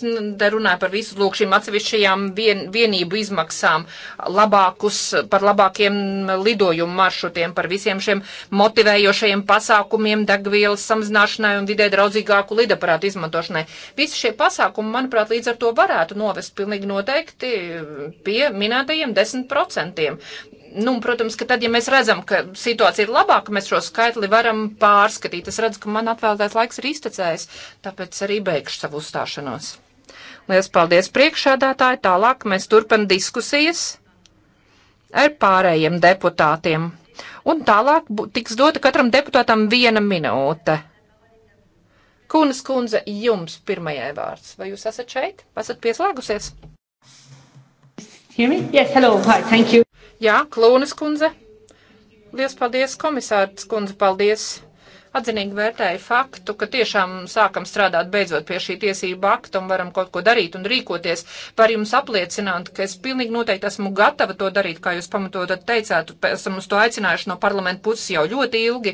runāju par visu lūk šīm atsevišķajām vien, vienību izmaksām, labākus, par labākiem lidojumu maršrutiem, par visiem šiem motivējošajiem pasākumiem, degvielas samazināšanai un vidē draudzīgāku lidaparātu izmantošanai. Visi šie pasākumi, manuprāt, līdz ar to varētu novest pilnīgi noteikti pie minētajiem 10% nu, protams, ka tad, ja mēs redzam, ka situācija ir labāka, mēs šo skaitli varam pārskatīt. Es redzu, ka man atvēlētais laiks ir iztecējis, tāpēc arī beigšu savu uzstāšanos. Lielas paldies priekšādātāji, tālāk mēs turpinam diskusijas ar pārējiem deputātiem. Un tālāk tiks dota katram deputātam viena minūte. Kunas kundze, jums pirmajai vārds. Vai jūs esat šeit? Esat pieslēgusies? Hear me? Yes, hello, hi, thank you. Jā, Klūnes kundze. Lies paldies, komisārs kundze, paldies. Atzinīgi vērtēju faktu, ka tiešām sākam strādāt beidzot pie šī tiesība akta un varam kaut ko darīt un rīkoties. Var jums apliecināt, ka es pilnīgi noteikti esmu gatava to darīt, kā jūs pamatot teicāt, esam uz to aicinājuši no parlamenta puses jau ļoti ilgi.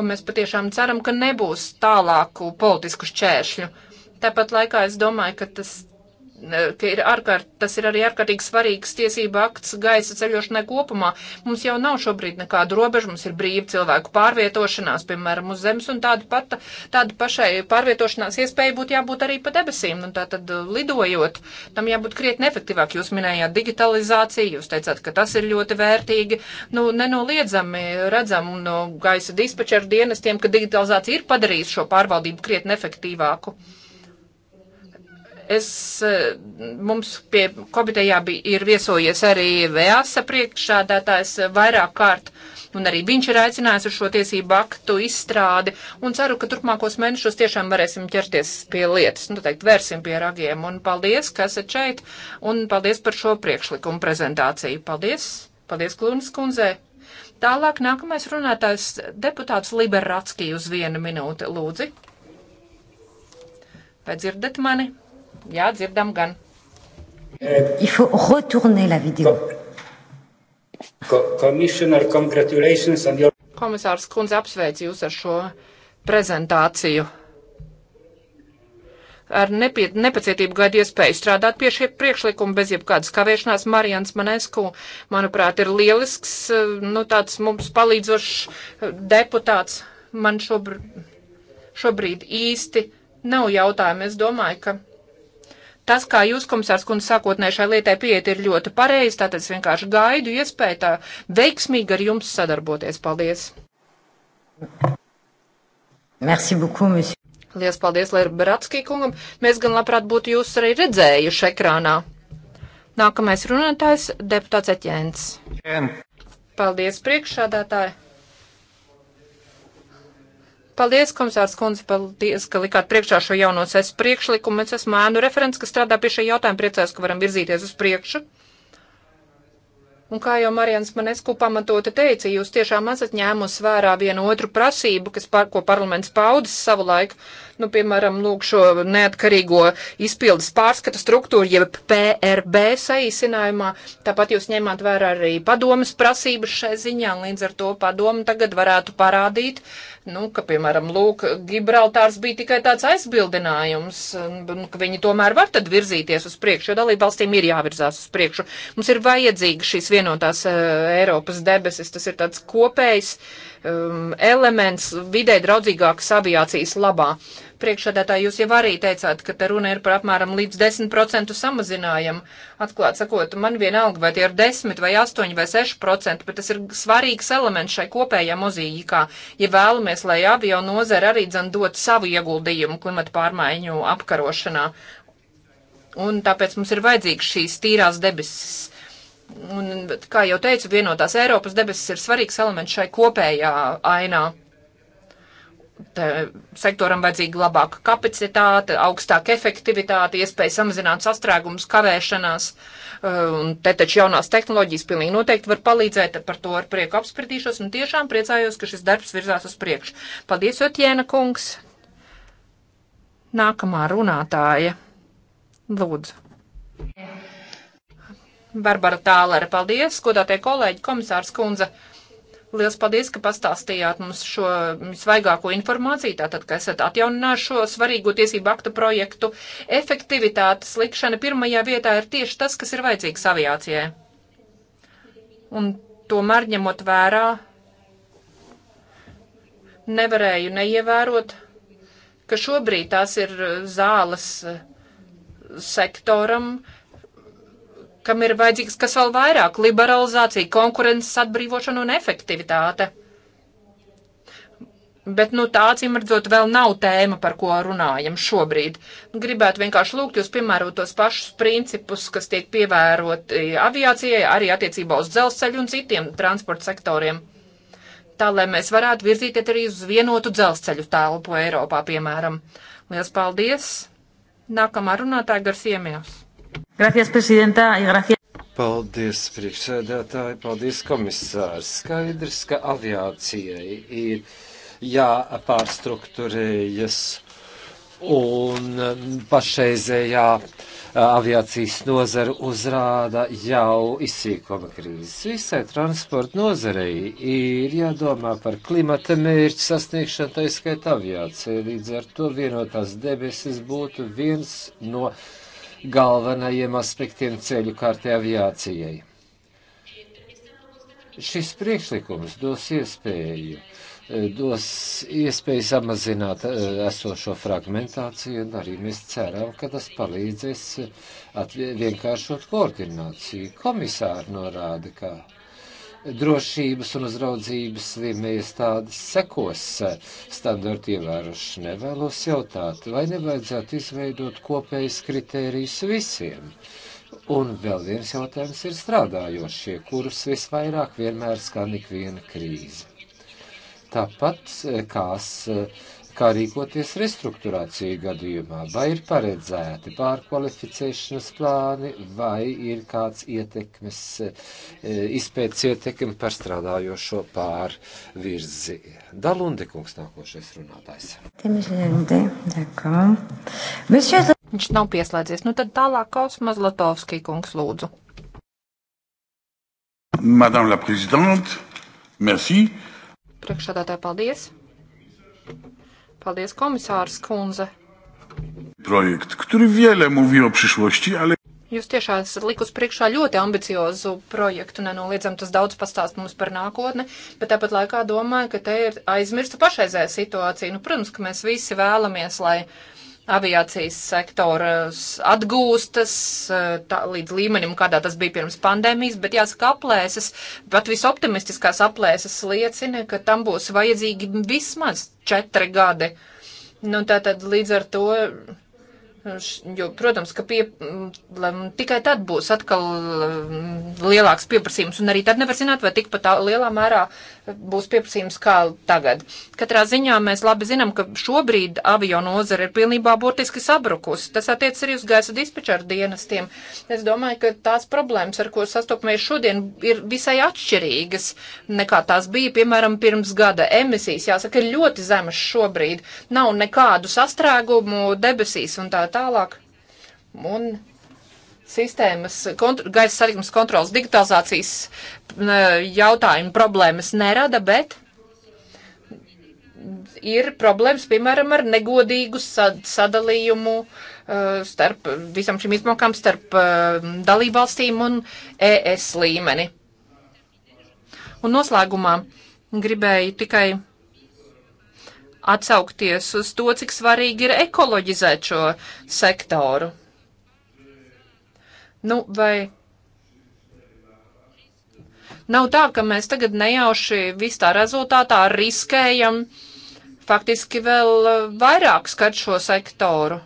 Un mēs patiešām ceram, ka nebūs tālāku politisku šķēršļu. Tāpat laikā es domāju, ka tas ka ir ārkārt, tas ir arī ārkārtīgi svarīgs tiesība akts gaisa ceļošanai kopumā. Mums jau nav šobrīd nekādu robežu, mums ir brīva cilvēku pārvietošanās, piemēram, uz zemes, un tādu, pat, tādu pašai pārvietošanās iespēju būtu jābūt arī pa debesīm. Un tā tad uh, lidojot, tam jābūt krietni efektīvāk. Jūs minējāt digitalizāciju, jūs teicāt, ka tas ir ļoti vērtīgi. Nu, nenoliedzami redzam no uh, gaisa dispečera dienestiem, ka digitalizācija ir padarījusi šo pārvaldību krietni efektīvāku. Thank you es, eh, mums pie komitejā bija, ir viesojies arī VASA priekšādātājs eh, vairāk kārt, un arī viņš ir aicinājis uz šo tiesību aktu izstrādi, un ceru, ka turpmākos mēnešos tiešām varēsim ķerties pie lietas, nu, teikt, vērsim pie ragiem, un paldies, ka esat šeit, un paldies par šo priekšlikumu prezentāciju. Paldies, paldies Klūnas kundzei! Tālāk nākamais runātājs deputāts Liberatskij uz vienu minūti, lūdzi. Vai dzirdat mani? Jā, dzirdam gan. Eh, Il faut retourner la vidéo. Commissioner, congratulations on your... Komisārs Kunze apsveic jūs ar šo prezentāciju. Ar nepie, nepacietību gaidu iespēju strādāt pie šie priekšlikumi bez jebkādas kavēšanās. Marijans Manesku, manuprāt, ir lielisks, eh, nu tāds mums palīdzošs eh, deputāts. Man šobrīd, šobrīd īsti nav jautājumi. Es domāju, ka Tas, kā jūs, komisārs kundze, sākotnēji šai lietai pieiet, ir ļoti pareizi, tātad es vienkārši gaidu iespēju tā veiksmīgi ar jums sadarboties. Paldies! Merci beaucoup, monsieur. Lielas paldies, Lerbratskī kungam. Mēs gan labprāt būtu jūs arī redzējuši ekrānā. Nākamais runātājs - deputāts Eķēns. Paldies, priekšādātāji! Paldies, komisārs Kundze, paldies, ka likāt priekšā šo jauno sesu priekšlikumu. Es esmu ēnu referents, kas strādā pie šī jautājuma, priecājos, ka varam virzīties uz priekšu. Un kā jau Marijans Manesku pamatoti teica, jūs tiešām esat ņēmusi vērā vienu otru prasību, kas par, ko parlaments paudis savu laiku nu, piemēram, lūk, šo neatkarīgo izpildes pārskata struktūru, jeb PRB saīsinājumā. Tāpat jūs ņemāt vērā arī padomas prasības šai ziņā, un līdz ar to padomu tagad varētu parādīt, nu, ka, piemēram, lūk, Gibraltārs bija tikai tāds aizbildinājums, un, ka viņi tomēr var tad virzīties uz priekšu, jo dalībvalstīm ir jāvirzās uz priekšu. Mums ir vajadzīga šīs vienotās uh, Eiropas debesis, tas ir tāds kopējs um, elements vidē draudzīgākas aviācijas labā. Uh, Priekšādātāji, jūs jau arī teicāt, ka te runa ir par apmēram līdz 10% samazinājumu. Atklāt sakot, man vienalga, vai tie ir 10 vai 8 vai 6%, bet tas ir svarīgs elements šai kopējā mozīkā, ja vēlamies, lai avio nozara arī dzen dot savu ieguldījumu klimata pārmaiņu apkarošanā. Un tāpēc mums ir vajadzīgs šīs tīrās debesis. Un, kā jau teicu, vienotās Eiropas debesis ir svarīgs elements šai kopējā ainā sektoram vajadzīga labāka kapacitāte, augstāka efektivitāte, iespēja samazināt sastrēgumus, kavēšanās. Uh, un te taču jaunās tehnoloģijas pilnīgi noteikti var palīdzēt, par to ar prieku apspritīšos un tiešām priecājos, ka šis darbs virzās uz priekšu. Paldies, Otjēna kungs! Nākamā runātāja. Lūdzu. Barbara Tālere, paldies, godātie kolēģi, komisārs kundze. Uh, Liels paldies, ka pastāstījāt mums šo svaigāko informāciju, tātad, ka esat atjauninājuši šo svarīgo tiesību aktu projektu. Efektivitātes likšana pirmajā vietā ir tieši tas, kas ir vajadzīgs aviācijai. Un tomēr ņemot vērā, nevarēju neievērot, ka šobrīd tās ir zāles sektoram, uh, kam ir vajadzīgs kas vēl vairāk - liberalizācija, konkurences atbrīvošana un efektivitāte. Bet, nu, tā acīm redzot, vēl nav tēma, par ko runājam šobrīd. Gribētu vienkārši lūgt jūs piemērot tos pašus principus, kas tiek pievēroti aviācijai, arī attiecībā uz dzelzceļu un citiem transporta sektoriem. Tā, lai mēs varētu virzīties arī uz vienotu dzelzceļu telpu Eiropā, piemēram. Lielas paldies! Nākamā runātāja Garsiemijos. Gracias, prezidenta, y gracias. Paldies, priekšsēdētāji, paldies, komisārs. Skaidrs, ka aviācijai ir jāpārstruktūrējas un pašreizējā aviācijas nozara uzrāda jau izsīkuma krīzes. Visai transporta nozarei ir jādomā par klimata mērķu sasniegšanu, tā izskaita aviācija. Līdz ar to vienotās debesis būtu viens no galvenajiem aspektiem ceļu kārtē aviācijai. Šis priekšlikums dos iespēju, eh, dos iespēju samazināt eh, esošo fragmentāciju, un arī mēs ceram, ka tas palīdzēs eh, vienkāršot koordināciju. Komisāri norāda, ka drošības un uzraudzības slimējas tādas sekos eh, standartu ievērošanai. Vēlos jautāt, vai nevajadzētu izveidot kopējas kritērijas visiem? Un vēl viens jautājums ir strādājošie, kurus visvairāk vienmēr skan ikviena krīze. Tāpat eh, kās uh, kā rīkoties restruktūrāciju gadījumā, vai ir paredzēti pārkvalificēšanas plāni, vai ir kāds ietekmes, e, izpētes ietekme par strādājošo pārvirzi. Dalunde kungs nākošais runātājs. Viņš nav pieslēdzies. Nu tad tālāk Kausmas Latovskī kungs lūdzu. Madame la Présidente, merci. Priekšādātāji, paldies. Paldies, komisārs Kunze. Projekt, kuri viele mūvi o prišlošķi, ale. Jūs tiešām esat likus priekšā ļoti ambiciozu projektu, nenoliedzam tas daudz pastāst mums par nākotni, bet tāpat laikā domāju, ka te ir aizmirsta pašreizējā situācija. Nu, protams, ka mēs visi vēlamies, lai aviācijas sektors atgūstas eh, tā, līdz līmenim, kādā tas bija pirms pandēmijas, bet jāsaka aplēses, pat visoptimistiskās aplēses liecina, ka tam būs vajadzīgi vismaz četri gadi. Nu, tātad līdz ar to, jo, protams, ka pie, tikai tad būs atkal eh, lielāks pieprasījums, un arī tad nevar zināt, vai tikpat lielā mērā būs pieprasījums kā tagad. Katrā ziņā mēs labi zinām, ka šobrīd avio nozara ir pilnībā burtiski sabrukusi. Tas attiec arī uz gaisa dispečāru dienestiem. Es domāju, ka tās problēmas, ar ko sastopamies šodien, ir visai atšķirīgas nekā tās bija, piemēram, pirms gada. Emisijas, jāsaka, ir ļoti zemas šobrīd. Nav nekādu sastrēgumu debesīs un tā tālāk. Un sistēmas, kontr gaisa sariknes kontrolas, digitalizācijas jautājumu problēmas nerada, bet ir problēmas, piemēram, ar negodīgu sad sadalījumu uh, starp visam šīm izmokām, starp uh, dalībvalstīm un ES līmeni. Un noslēgumā gribēju tikai atsaukties uz to, cik svarīgi ir ekoloģizēt šo sektoru. Nu, vai nav tā, ka mēs tagad nejauši visu tā rezultātā riskējam faktiski vēl e, vairāk skat šo sektoru?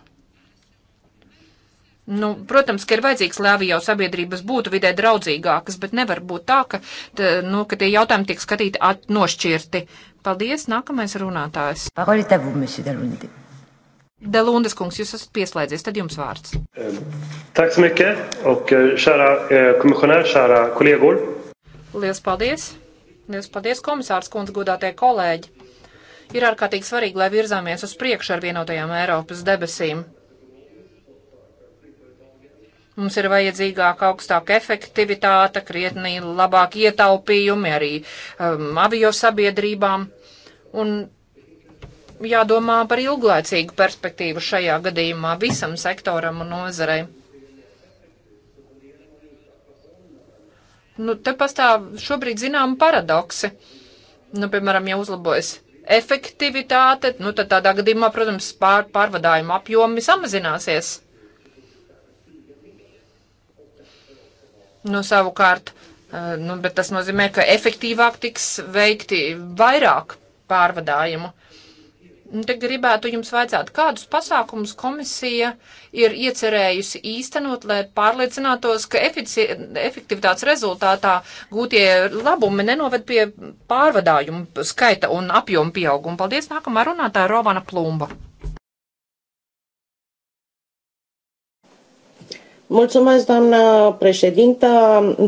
Nu, protams, ka ir vajadzīgs, lai avio sabiedrības būtu vidē draudzīgākas, bet nevar būt tā, ka, tā, nu, ka tie jautājumi tiek skatīti at, nošķirti. Paldies, nākamais runātājs. Paroli tavu, monsieur Dalundi. Delundes kungs, jūs esat pieslēdzies, tad jums vārds. Tack så mycket och eh, kära eh, kommissionär, kära kollegor. Lielas paldies. Lielas paldies, komisārs kundze, godātie kolēģi. Ir ārkārtīgi svarīgi, lai virzāmies uz priekšu ar vienotajām Eiropas debesīm. Mums ir vajadzīgāka augstāka efektivitāte, krietni labāk ietaupījumi arī um, avio sabiedrībām. Un jādomā par ilglaicīgu perspektīvu šajā gadījumā visam sektoram un nozarei. Nu, te pastāv šobrīd zinām paradoksi. Nu, piemēram, ja uzlabojas efektivitāte, nu, tad tādā gadījumā, protams, pār, pārvadājuma apjomi samazināsies. Nu, savukārt, eh, nu, bet tas nozīmē, ka efektīvāk tiks veikti vairāk pārvadājumu. Uh, Nu, Te gribētu jums vajadzētu, kādus pasākumus komisija ir iecerējusi īstenot, lai pārliecinātos, ka efektivitātes rezultātā gūtie labumi nenoved pie pārvadājumu skaita un apjomu pieauguma. Paldies, nākamā runātāja Rovana Plumba. Mulțumesc, doamnă președintă,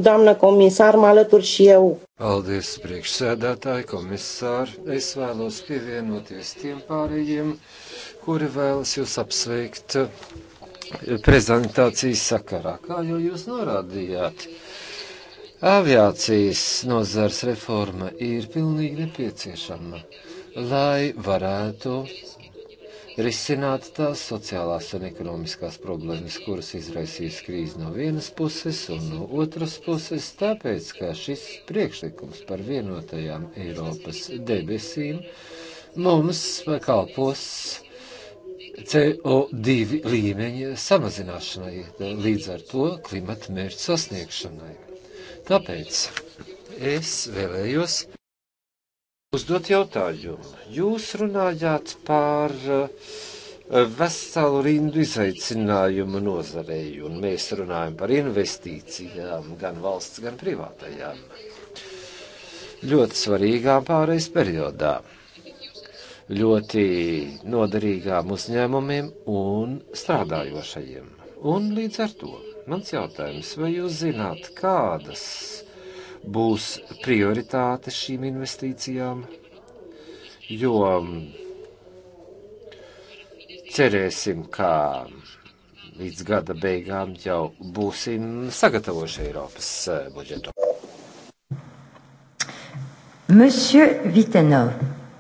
doamnă komisār, mă alătur și eu. Paldies, priekšsēdētāji, komisār. Es vēlos pievienoties tiem pārējiem, kuri vēlas jūs apsveikt prezentācijas sakarā, kā jau jūs norādījāt. Aviācijas nozars reforma ir pilnīgi nepieciešama, lai varētu risināt tās sociālās un ekonomiskās problēmas, kuras izraisīs krīze no vienas puses un no otras puses, tāpēc, ka šis priekšlikums par vienotajām Eiropas debesīm mums kalpos CO2 līmeņa samazināšanai, līdz ar to klimata mērķu sasniegšanai. Tāpēc es vēlējos uzdot jautājumu. Jūs runājāt par eh, veselu rindu izaicinājumu nozarei, un mēs runājam par investīcijām gan valsts, gan privātajām. Ļoti svarīgām pārejas periodā, ļoti noderīgām uzņēmumiem un strādājošajiem. Un līdz ar to mans jautājums, vai jūs zināt, kādas būs prioritāte šīm investīcijām, jo mm, cerēsim, ka līdz gada beigām jau būsim sagatavojuši Eiropas eh, budžetu. Monsieur Vitenov,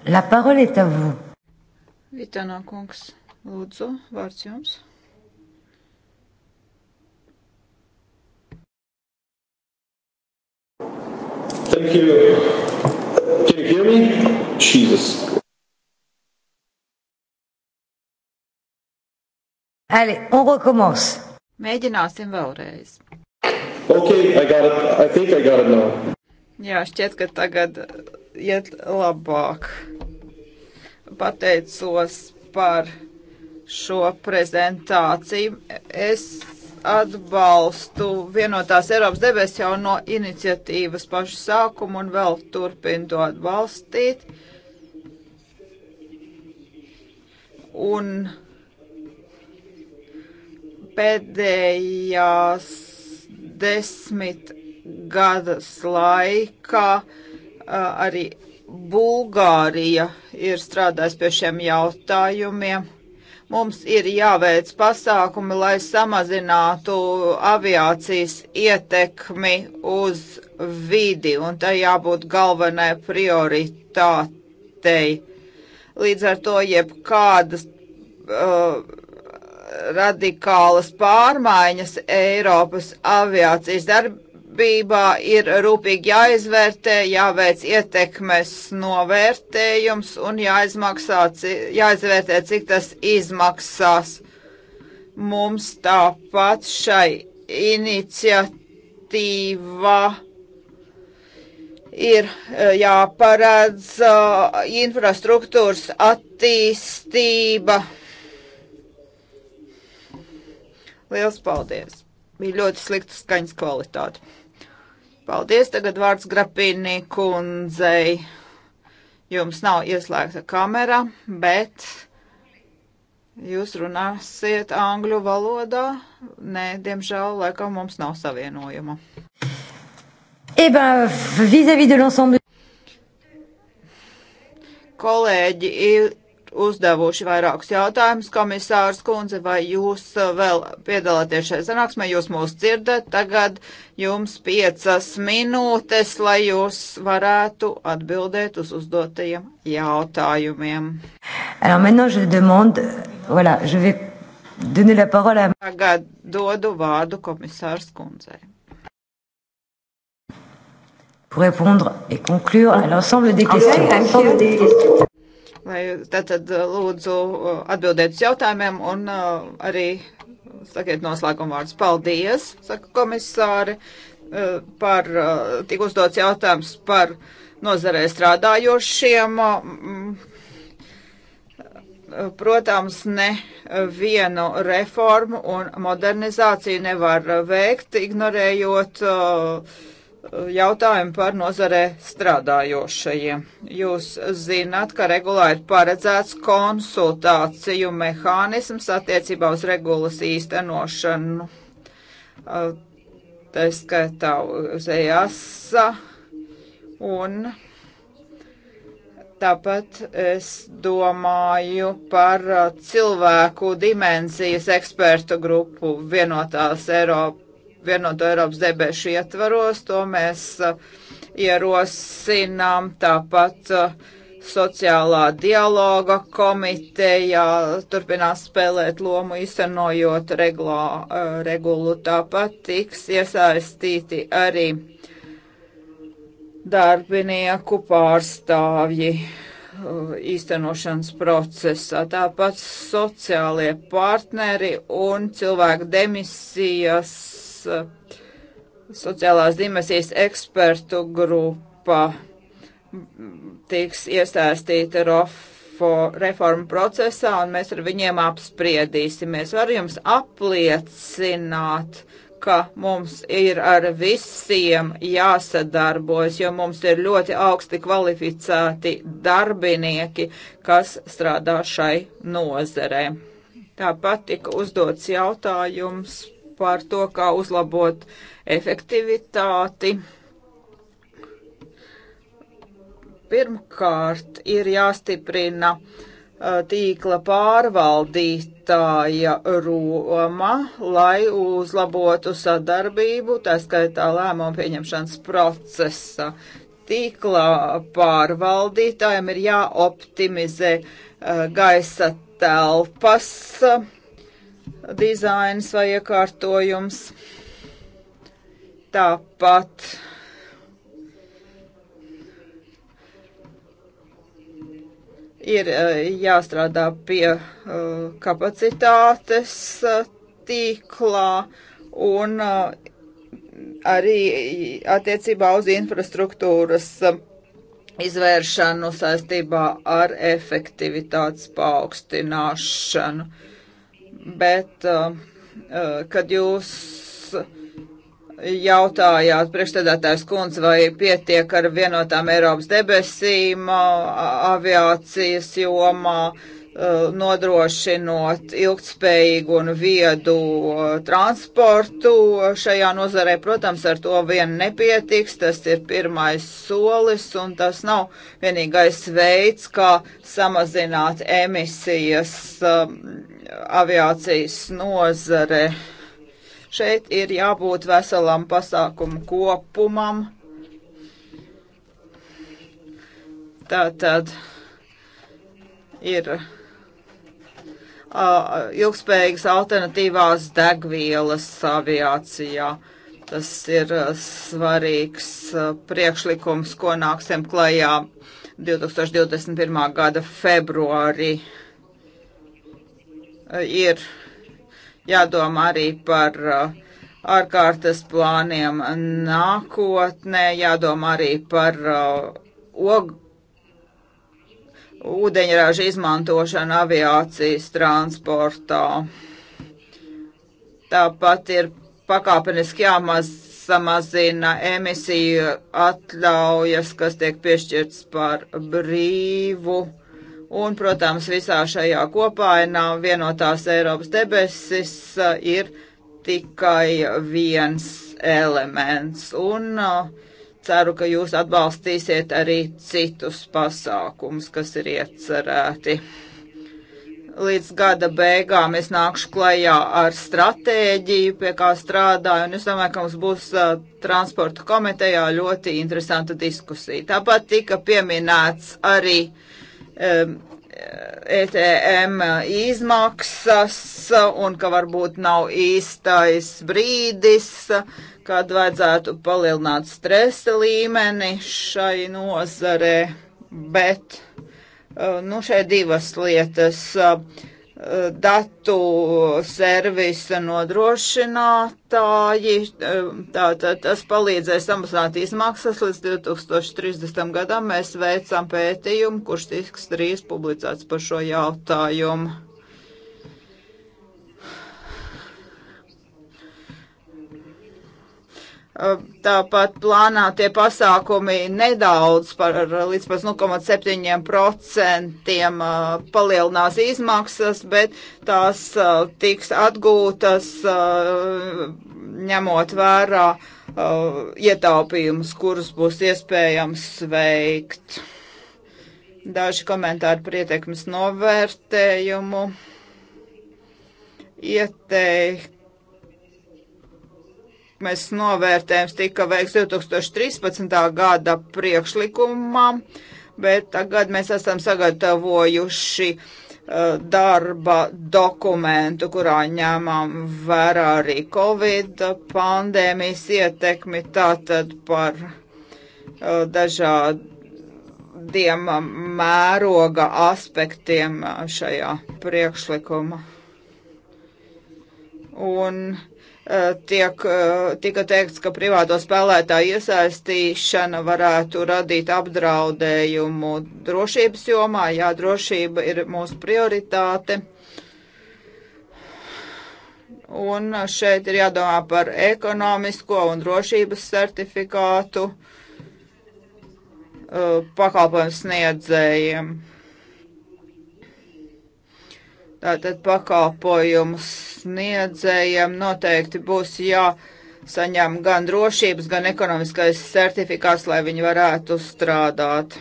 la parole est à vous. Vitenov kungs, lūdzu, vārds jums. Can you hear me? Can you hear me? Jesus. Allez, on recommence. Mēģināsim vēlreiz. Okay, I got it. I think I got it now. Jā, šķiet, ka tagad iet labāk. Pateicos par šo prezentāciju. Es atbalstu vienotās Eiropas debes jau no iniciatīvas pašu sākuma un vēl turpinu to atbalstīt. Un pēdējās desmit gadas laikā arī Bulgārija ir strādājusi pie šiem jautājumiem Mums ir jāveic pasākumi, lai samazinātu aviācijas ietekmi uz vidi, un tai jābūt galvenai prioritātei. Līdz ar to jebkādas uh, radikālas pārmaiņas Eiropas aviācijas darb, darbībā ir rūpīgi jāizvērtē, jāveic ietekmes novērtējums un jāizmaksā, jāizvērtē, cik tas izmaksās. Mums tāpat šai iniciatīva ir e, jāparedz uh, infrastruktūras attīstība. Liels paldies! Bija ļoti slikta skaņas kvalitāte. Paldies, tagad vārds Grapinī kundzei. Jums nav ieslēgta kamera, bet jūs runāsiet angļu valodā. Nē, diemžēl, laikam mums nav savienojuma. Eh ben, vis-à-vis -vis de l'ensemble. Kolēģi, uzdevuši vairākus jautājumus, komisārs kundze, vai jūs uh, vēl piedalāties šajā sanāksmē, jūs mūs dzirdat, tagad jums piecas minūtes, lai jūs varētu atbildēt uz uzdotajiem jautājumiem. Alors maintenant je demande, voilà, je vais donner la parole à... Tagad dodu vārdu komisārs kundzei. Pour répondre et conclure à l'ensemble des ah, questions. Lai tātad uh, lūdzu uh, atbildēt uz jautājumiem un uh, arī sakiet noslēguma vārdus. Paldies, saka komisāri, par tik uzdots jautājums par nozarē strādājošiem. Mm, protams, ne vienu reformu un modernizāciju nevar veikt, ignorējot uh, jautājumu par nozarē strādājošajiem. Jūs zināt, ka regulā ir paredzēts konsultāciju mehānisms attiecībā uz regulas īstenošanu. Tā skaitā uz EASA un tāpat es domāju par cilvēku dimensijas ekspertu grupu vienotās Eiropas vienoto Eiropas debešu ietvaros. To mēs eh, ierosinām tāpat eh, sociālā dialoga komitejā turpinās spēlēt lomu izcenojot reglā, eh, regulu. Tāpat tiks iesaistīti arī darbinieku pārstāvji īstenošanas procesā. Tāpat sociālie partneri un cilvēku demisijas Uh, sociālās dimensijas ekspertu grupa tiks iesaistīta reformu procesā, un mēs ar viņiem apspriedīsimies. Varu jums apliecināt, ka mums ir ar visiem jāsadarbojas, jo mums ir ļoti augsti kvalificēti darbinieki, kas strādā šai nozerē. Tāpat tika uzdots jautājums par to, kā uzlabot efektivitāti. Pirmkārt, ir jāstiprina tīkla pārvaldītāja Roma, lai uzlabotu sadarbību, tā skaitā lēmumu pieņemšanas procesa. Tīkla pārvaldītājiem ir jāoptimizē gaisa telpas, dizains vai iekārtojums. Tāpat ir eh, jāstrādā pie eh, kapacitātes eh, tīklā un arī attiecībā uz infrastruktūras izvēršanu saistībā ar efektivitātes paaugstināšanu. Uh, bet uh, uh, kad jūs jautājāt priekšstādātājs kundze, vai pietiek ar vienotām Eiropas debesīm aviācijas jomā, Uh, nodrošinot ilgtspējīgu un viedu uh, transportu šajā nozarē. Protams, ar to vien nepietiks, tas ir pirmais solis un tas nav vienīgais veids, kā samazināt emisijas um, aviācijas nozare. Šeit ir jābūt veselam pasākumu kopumam. Tātad ir. Uh, ilgspējīgas alternatīvās degvielas aviācijā. Tas ir uh, svarīgs uh, priekšlikums, ko nāksim klajā 2021. gada februārī. Ir jādomā arī par ārkārtas plāniem nākotnē, jādomā arī par og ūdeņraža izmantošanu aviācijas transportā. Tāpat ir pakāpeniski jāmazina emisiju atļaujas, kas tiek piešķirts par brīvu. Un, protams, visā šajā kopainā vienotās Eiropas debesis uh, ir tikai viens elements. Un uh, ceru, ka jūs atbalstīsiet arī citus pasākumus, kas ir iecerēti. Līdz gada beigām es nākšu klajā ar stratēģiju, pie kā strādāju, un es domāju, ka mums būs uh, transporta komitejā ļoti interesanta diskusija. Tāpat tika pieminēts arī um, ETM izmaksas un ka varbūt nav īstais brīdis. Uh, kad vajadzētu palielināt stresa līmeni šai nozarē, bet eh, nu, šeit divas lietas eh, - datu servisa nodrošinātāji. Eh, tātad tas palīdzēs samazināt izmaksas līdz 2030. gadam. Mēs veicam pētījumu, kurš tiks drīz publicēts par šo jautājumu Eh, tāpat plānātie pasākumi nedaudz par līdz pat 0,7% eh, palielinās izmaksas, bet tās eh, tiks atgūtas ņemot vērā ietaupījumus, kurus būs iespējams veikt. Daži komentāri par ietekmes novērtējumu ieteikt ietekmes novērtējums tika veikts 2013. gada priekšlikumam, bet tagad mēs esam sagatavojuši uh, darba dokumentu, kurā ņēmām vērā arī Covid pandēmijas ietekmi, tātad par uh, dažādiem mēroga aspektiem šajā priekšlikuma. Un uh, Eh, tiek, eh, tika teikts, ka privāto spēlētāju iesaistīšana varētu radīt apdraudējumu drošības jomā. Jā, drošība ir mūsu prioritāte. Un šeit ir jādomā par ekonomisko un drošības certifikātu eh, pakalpojumu sniedzējiem. Tātad pakalpojums sniedzējiem noteikti būs jāsaņem gan drošības, gan ekonomiskais certifikāts, lai viņi varētu strādāt.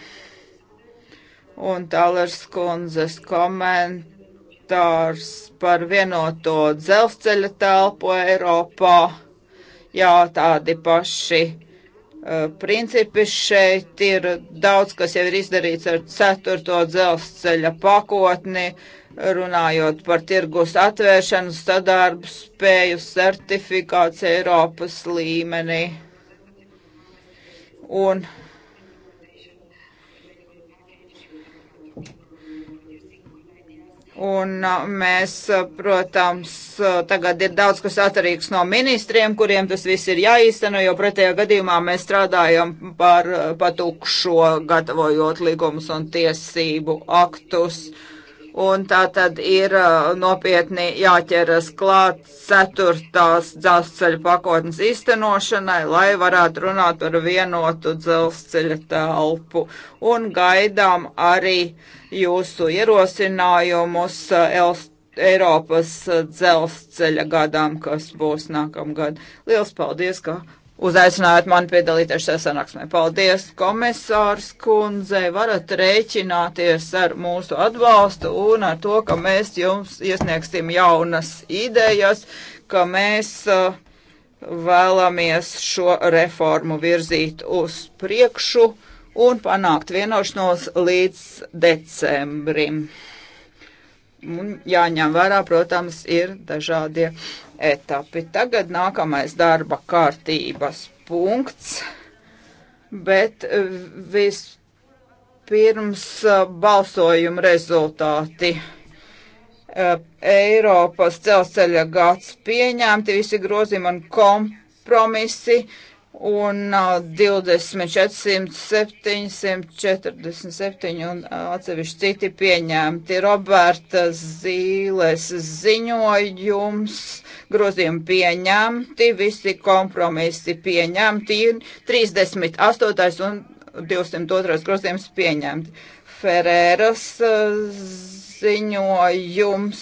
Un tālērs kundzes komentārs par vienoto dzelzceļa telpu Eiropā. Jā, tādi paši e, principi šeit ir daudz, kas jau ir izdarīts ar ceturto dzelzceļa pakotni, uh, runājot par tirgus atvēršanu, sadarbu spēju, certifikāciju Eiropas līmenī. Un Un mēs, protams, tagad ir daudz kas atkarīgs no ministriem, kuriem tas viss ir jāīsteno, jo pretējā gadījumā mēs strādājam par patukšo, gatavojot līgumus un tiesību aktus. Uh, Un tā tad ir uh, nopietni jāķeras klāt ceturtās dzelzceļa pakotnes īstenošanai, lai varētu runāt par vienotu dzelzceļa telpu. Un gaidām arī jūsu ierosinājumus uh, Elst Eiropas uh, dzelzceļa gadām, kas būs nākamgad. Liels paldies, ka uzaicinājāt mani piedalīties šajā sanāksmē. Paldies, komisārs kundze, varat rēķināties ar mūsu atbalstu un ar to, ka mēs jums iesniegsim jaunas idejas, ka mēs uh, vēlamies šo reformu virzīt uz priekšu un panākt vienošanos līdz decembrim. Un jāņem vērā, protams, ir dažādie etapi. Tagad nākamais darba kārtības punkts, bet eh, vispirms eh, balsojuma rezultāti. Eh, Eiropas dzelzceļa gads pieņemti, visi grozījumi un kompromisi un 2447 uh, un uh, atsevišķi citi pieņemti. Roberta Zīles ziņojums, grozījumi pieņemti, visi kompromisi pieņemti, 38. un 202. grozījums pieņemti. Ferēras uh, ziņojums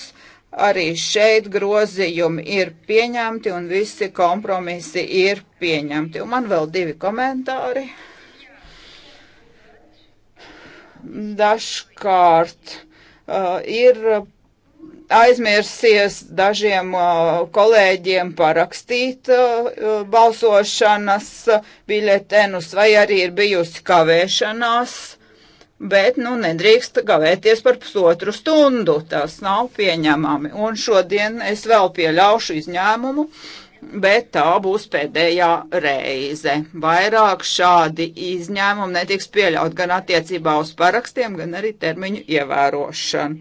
Arī šeit grozījumi ir pieņemti un visi kompromisi ir pieņemti. Un man vēl divi komentāri. Dažkārt uh, ir aizmirsies dažiem uh, kolēģiem parakstīt uh, balsošanas biļetenus, vai arī ir bijusi kavēšanās bet nu, nedrīkst kavēties par pusotru stundu. Tas nav pieņemami. Un šodien es vēl pieļaušu izņēmumu, bet tā būs pēdējā reize. Vairāk šādi izņēmumi netiks pieļaut gan attiecībā uz parakstiem, gan arī termiņu ievērošanu.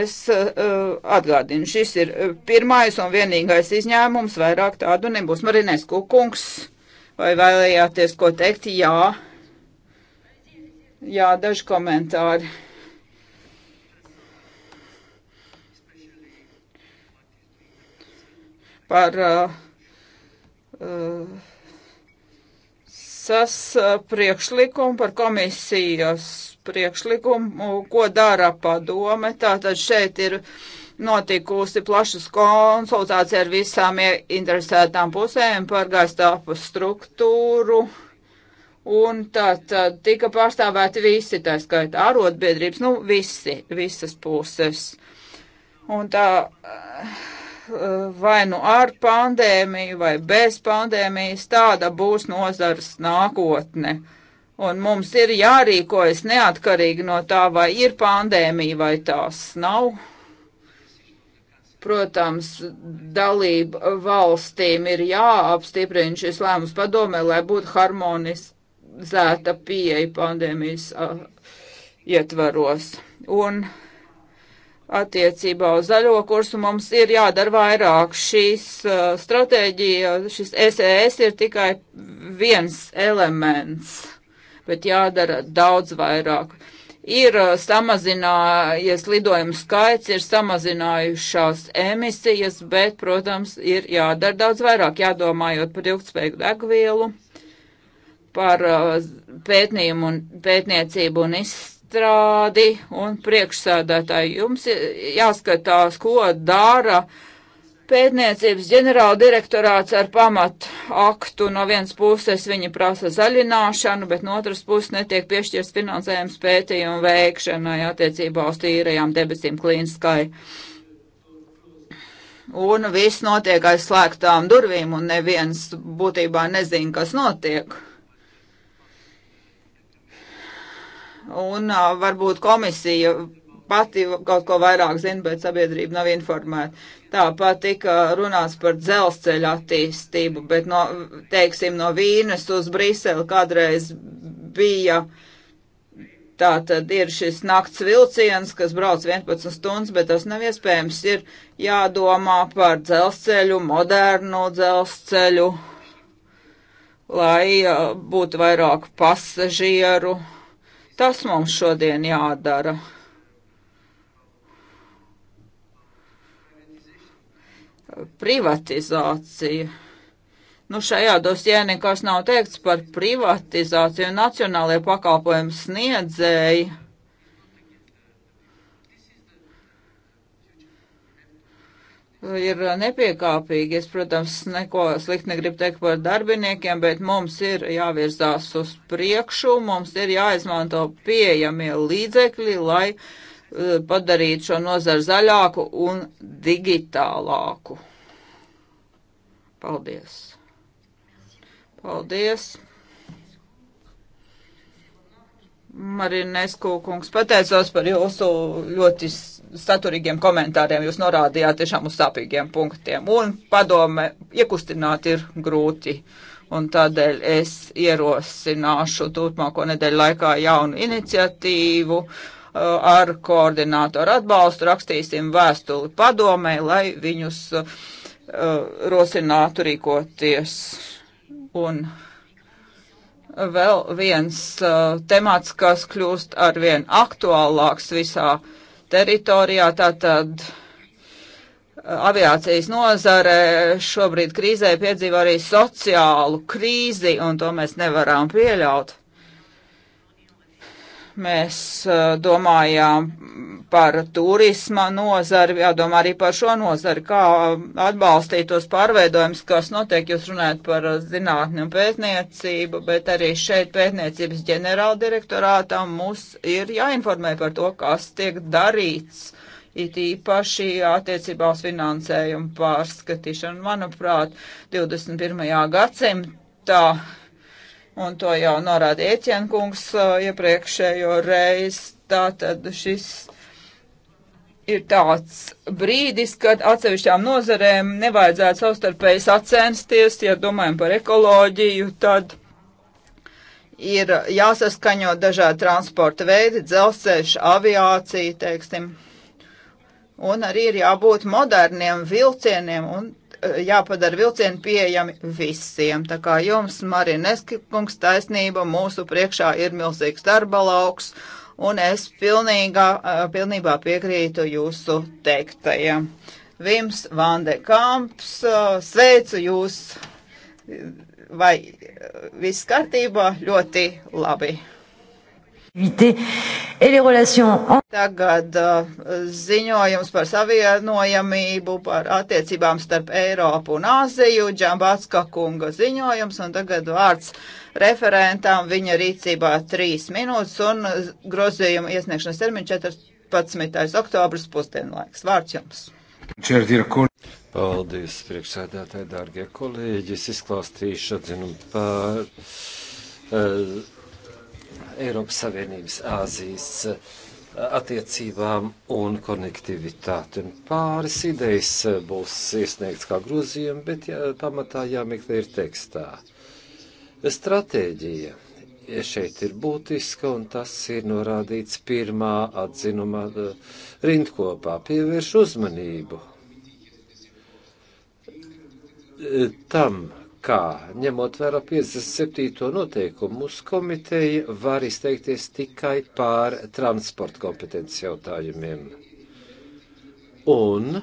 Es uh, uh atgādinu, šis ir uh, pirmais un vienīgais izņēmums, vairāk tādu nebūs. Marinēs Kukungs, vai vēlējāties ko teikt? Jā. Jā, daži komentāri. Par uh, uh, sas uh, priekšlikumu, par komisijas priekšlikumu, ko dara padome. Tātad šeit ir notikusi plašas konsultācija ar visām interesētām pusēm par gaistāpu struktūru. Uh, Un tā tad tika pārstāvēti visi, tā skaita arotbiedrības, nu visi, visas puses. Un tā eh, vai nu ar pandēmiju vai bez pandēmijas tāda būs nozars nākotne. Un mums ir jārīkojas neatkarīgi no tā, vai ir pandēmija vai tās nav. Protams, dalību valstīm ir jāapstiprina šis lēmums padomē, lai būtu harmonis, zēta pieeja pandēmijas uh, ietvaros. Un attiecībā uz zaļo kursu mums ir jādara vairāk. Šīs uh, stratēģija, šis SES e ir tikai viens elements, bet jādara daudz vairāk. Ir uh, samazinājies lidojumu skaits, ir samazinājušās emisijas, bet, protams, ir jādara daudz vairāk, jādomājot par ilgspējīgu degvielu par uh, pētnijumu un pētniecību un izstrādi un priekšsēdētāji. Jums jāskatās, ko dara pētniecības ģenerāla direktorāts ar pamat aktu. No vienas puses viņi prasa zaļināšanu, bet no otras puses netiek piešķirs finansējums pētījumu veikšanai attiecībā uz tīrajām debesīm klīniskai. Un viss notiek aiz slēgtām durvīm, un neviens būtībā nezina, kas notiek. un uh, varbūt komisija pati kaut ko vairāk zina, bet sabiedrība nav informēta. Tāpat tika runāts par dzelzceļa attīstību, bet, no, teiksim, no Vīnes uz Briseli kādreiz bija. Tā tad ir šis nakts vilciens, kas brauc 11 stundas, bet tas nav iespējams. Ir jādomā par dzelzceļu, modernu dzelzceļu, lai būtu vairāk pasažieru. Tas mums šodien jādara. Privatizācija. Nu, šajā dosjē nekas nav teikts par privatizāciju. Nacionālajie pakalpojumu sniedzēji ir uh, nepiekāpīgi. Es, protams, neko slikti negribu teikt par darbiniekiem, bet mums ir jāvirzās uz priekšu, mums ir jāizmanto pieejamie līdzekļi, lai uh, padarītu šo nozaru zaļāku un digitālāku. Paldies! Paldies! Marinesku kungs, pateicos par jūsu ļoti saturīgiem komentāriem. Jūs norādījāt tiešām uz sāpīgiem punktiem. Un padome iekustināt ir grūti. Un tādēļ es ierosināšu turpmāko nedēļu laikā jaunu iniciatīvu uh, ar koordinātoru atbalstu. Rakstīsim vēstuli padomē, lai viņus uh, rosinātu rīkoties. Un vēl viens uh, temats, kas kļūst arvien aktuālāks visā uh, teritorijā. Tātad uh, aviācijas nozare šobrīd krīzē piedzīvo arī sociālu krīzi, un to mēs nevaram pieļaut mēs eh, domājām par turisma nozari, jādomā arī par šo nozari, kā atbalstīt tos pārveidojumus, kas notiek, jūs runājat par zinātni un pētniecību, bet arī šeit pētniecības ģenerāldirektorātam mums ir jāinformē par to, kas tiek darīts, it īpaši attiecībā uz finansējumu pārskatīšanu. Manuprāt, 21. gadsimtā un to jau norāda Ēķenkungs uh, iepriekšējo reizi. Tātad šis ir tāds brīdis, kad atsevišķām nozarēm nevajadzētu savstarpēji sacensties, ja domājam par ekoloģiju, tad ir jāsaskaņo dažādi transporta veidi, dzelzceļš, aviācija, teiksim. Un arī ir jābūt moderniem vilcieniem un Eh, jāpadara vilcieni pieejami visiem. Tā kā jums, Marineski kungs, taisnība, mūsu priekšā ir milzīgs darba lauks, un es pilnīgā, eh, pilnībā piekrītu jūsu teiktajam. Vims Vande Kamps, eh, sveicu jūs, vai viss kārtībā ļoti labi. Tagad uh, ziņojums par savienojamību, par attiecībām starp Eiropu un Aziju, Džambatska kunga ziņojums, un tagad vārds referentām viņa rīcībā trīs minūtes un grozījuma iesniegšanas termiņš 14. oktobris pusdienlaiks. Vārds jums! Paldies, priekšsēdētāji, dārgie kolēģi! Es izklāstīšu atzinu par. Uh, Eiropas Savienības Āzijas eh, attiecībām un konektivitāti. Un pāris idejas eh, būs iesniegts kā grozījumi, bet jā, pamatā jāmeklē ir tekstā. Stratēģija šeit ir būtiska, un tas ir norādīts pirmā atzinuma eh, rindkopā. Pievērš uzmanību tam, kā, ņemot vērā 57. noteikumu, mūsu komiteja var izteikties tikai pār transporta kompetences jautājumiem. Un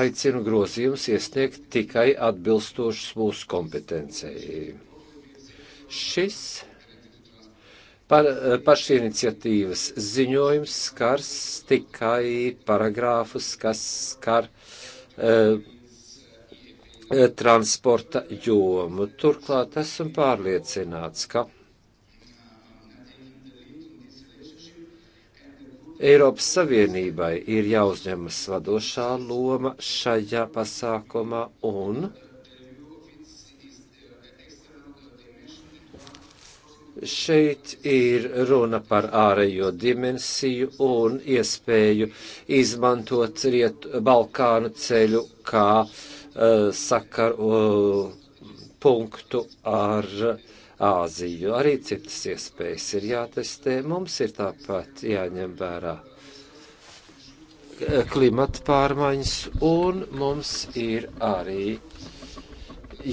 aicinu grozījumus iesniegt tikai atbilstošus mūsu kompetencijai. Šis par, pašiniciatīvas ziņojums skars tikai paragrāfus, kas skar uh, E, transporta jomu. Turklāt esmu pārliecināts, ka Eiropas Savienībai ir jāuzņemas vadošā loma šajā pasākumā un šeit ir runa par ārējo dimensiju un iespēju izmantot Riet Balkānu ceļu kā uh, Uh, sakaru uh, punktu ar Āziju. Arī citas iespējas ir jātestē. Mums ir tāpat jāņem vērā uh, klimata pārmaiņas, un mums ir arī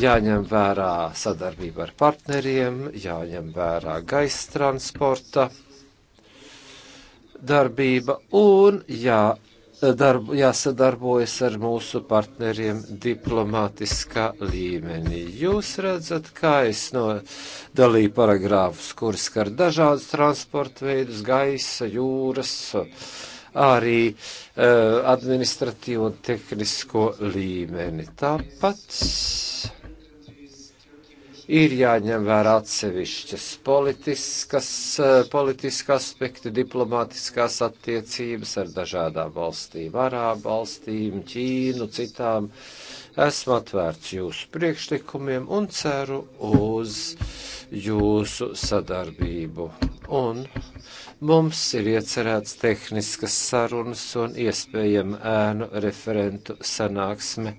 jāņem vērā sadarbība ar partneriem, jāņem vērā gaisa transporta darbība un jā darb, jāsadarbojas ar mūsu partneriem diplomātiskā līmenī. Jūs redzat, kā es no dalīju paragrāfus, kuras skar dažādas transporta veidus, gaisa, jūras, arī uh, administratīvo un tehnisko līmeni. Tāpat ir jāņem vērā atsevišķas politiskas, eh, politiska aspekti, diplomātiskās attiecības ar dažādām valstīm, arābu valstīm, Ķīnu, citām. Esmu atvērts jūsu priekšlikumiem un ceru uz jūsu sadarbību. Un mums ir iecerēts tehniskas sarunas un iespējama ēnu referentu sanāksme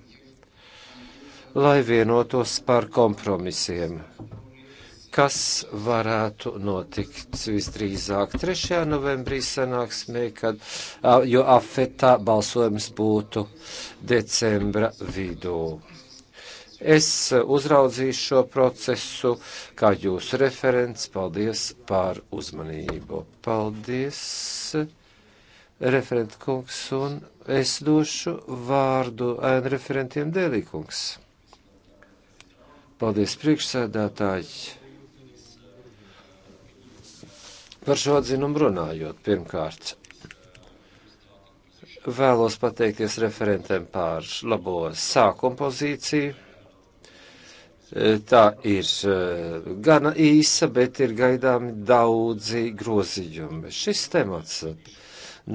lai vienotos par kompromisiem, kas varētu notikt visdrīzāk 3. novembrī sanāksmē, kad, jo afetā balsojums būtu decembra vidū. Es uzraudzīšu šo procesu kā jūsu referents. Paldies par uzmanību. Paldies, referent kungs, un es došu vārdu ēnu referentiem Dēlī kungs. Paldies priekšsēdētāji. Par šo atzinumu runājot, pirmkārt, vēlos pateikties referentiem par labo sākuma pozīciju. Tā ir eh, gana īsa, bet ir gaidāmi daudzi grozījumi. Šis temats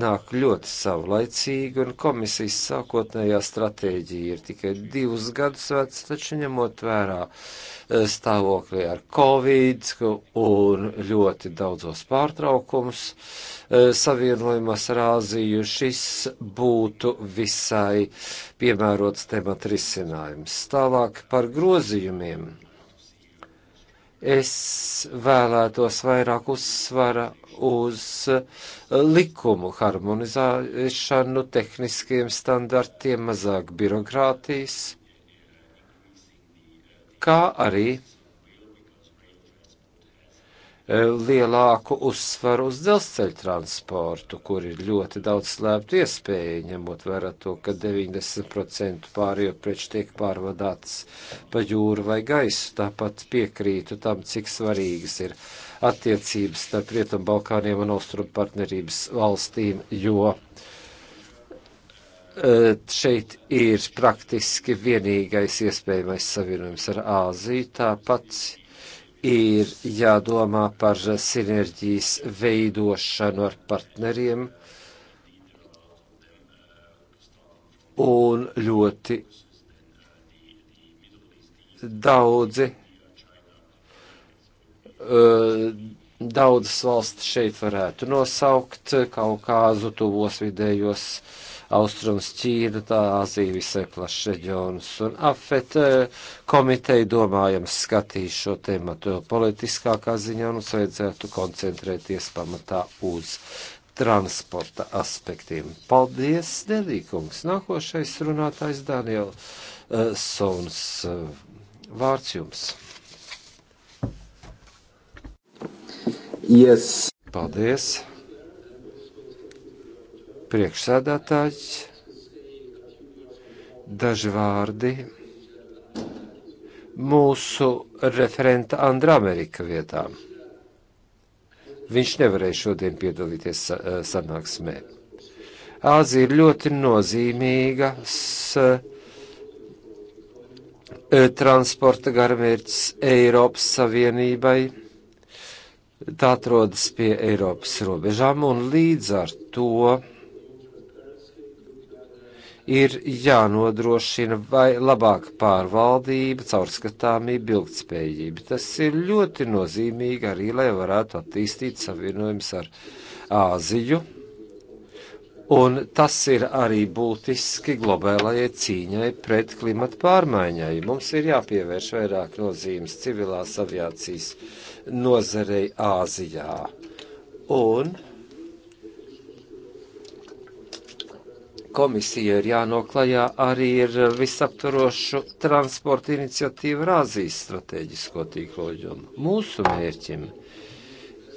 nāk ļoti savlaicīgi, un komisijas sākotnējā stratēģija ir tikai divus gadus vecs, taču ņemot vērā eh, stāvokli ar Covid un ļoti daudzos pārtraukumus eh, savienojumos ar Āziju, šis būtu visai piemērots temata risinājums. Tālāk par grozījumiem Es vēlētos vairāk uzsvara uz uh, likumu harmonizēšanu, tehniskiem standartiem, mazāk birokrātijas, kā arī lielāku uzsvaru uz dzelzceļa transportu, kur ir ļoti daudz slēptu iespēju, ņemot vērā to, ka 90% pārējo preču tiek pārvadāts pa jūru vai gaisu. Tāpat piekrītu tam, cik svarīgas ir attiecības starp Rietumu Balkāniem un Austrumu partnerības valstīm, jo e, šeit ir praktiski vienīgais iespējamais savienojums ar Āziju. Tāpat ir jādomā par sinerģijas veidošanu ar partneriem un ļoti daudzi, eh, daudzas valsts šeit varētu nosaukt Kaukāzu, tuvos vidējos uh, Austrums Ķīnu, tā Āzija visai plašs reģionus un afet eh, komiteja domājam skatīs šo tematu politiskākā ziņā un mums vajadzētu koncentrēties pamatā uz transporta aspektiem. Paldies, Delīkungs! Nākošais runātājs Daniels uh, eh, Sons. Uh, vārds jums! Yes. Paldies! priekšsēdētājs, daži vārdi mūsu referenta Andra Amerika vietā. Viņš nevarēja šodien piedalīties eh, sanāksmē. Āzija ir ļoti nozīmīga eh, transporta garamērķis Eiropas Savienībai. Tā atrodas pie Eiropas robežām un līdz ar to ir jānodrošina vai labāka pārvaldība, caurskatāmība, ilgtspējība. Tas ir ļoti nozīmīgi arī, lai varētu attīstīt savienojums ar Āziju. Un tas ir arī būtiski globālajai cīņai pret klimatu pārmaiņai. Mums ir jāpievērš vairāk nozīmes civilās aviācijas nozarei Āzijā. Un komisija ir jānoklajā arī ir visaptvarošu transporta iniciatīvu ar Āzijas strateģisko tīkloģumu. Mūsu mērķim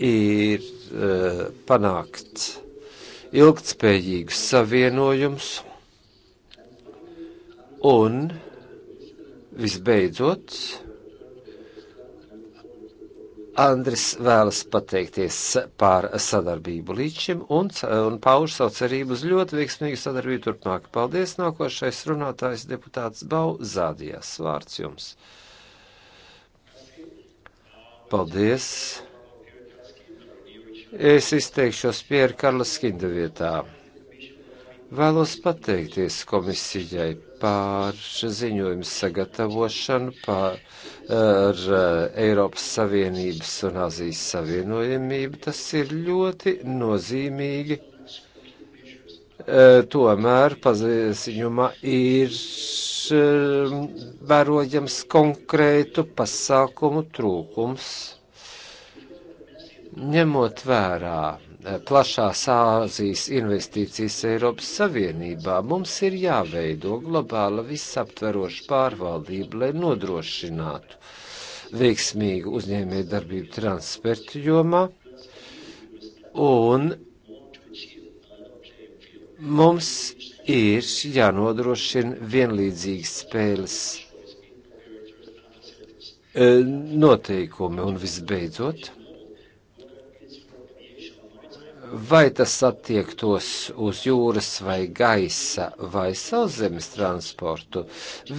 ir uh, panākt ilgtspējīgus savienojums un visbeidzot Andris vēlas pateikties par sadarbību līdz šim un, un pauž savu cerību uz ļoti veiksmīgu sadarbību turpmāk. Paldies, nākošais runātājs deputāts Bau Zādījās. Vārds jums. Paldies. Es izteikšos Pierre Karlas Kinda vietā. Vēlos pateikties komisijai par ziņojumu sagatavošanu, par ar eh, Eiropas Savienības un Azijas Savienojamību. Tas ir ļoti nozīmīgi. Eh, tomēr paziņumā ir eh, vērojams konkrētu pasākumu trūkums, ņemot vērā plašās Āzijas investīcijas Eiropas Savienībā, mums ir jāveido globāla visaptveroša pārvaldība, lai nodrošinātu veiksmīgu uzņēmēju darbību transporta jomā, un mums ir jānodrošina vienlīdzīgas spēles eh, noteikumi un visbeidzot vai tas attiektos uz jūras vai gaisa vai sauszemes transportu,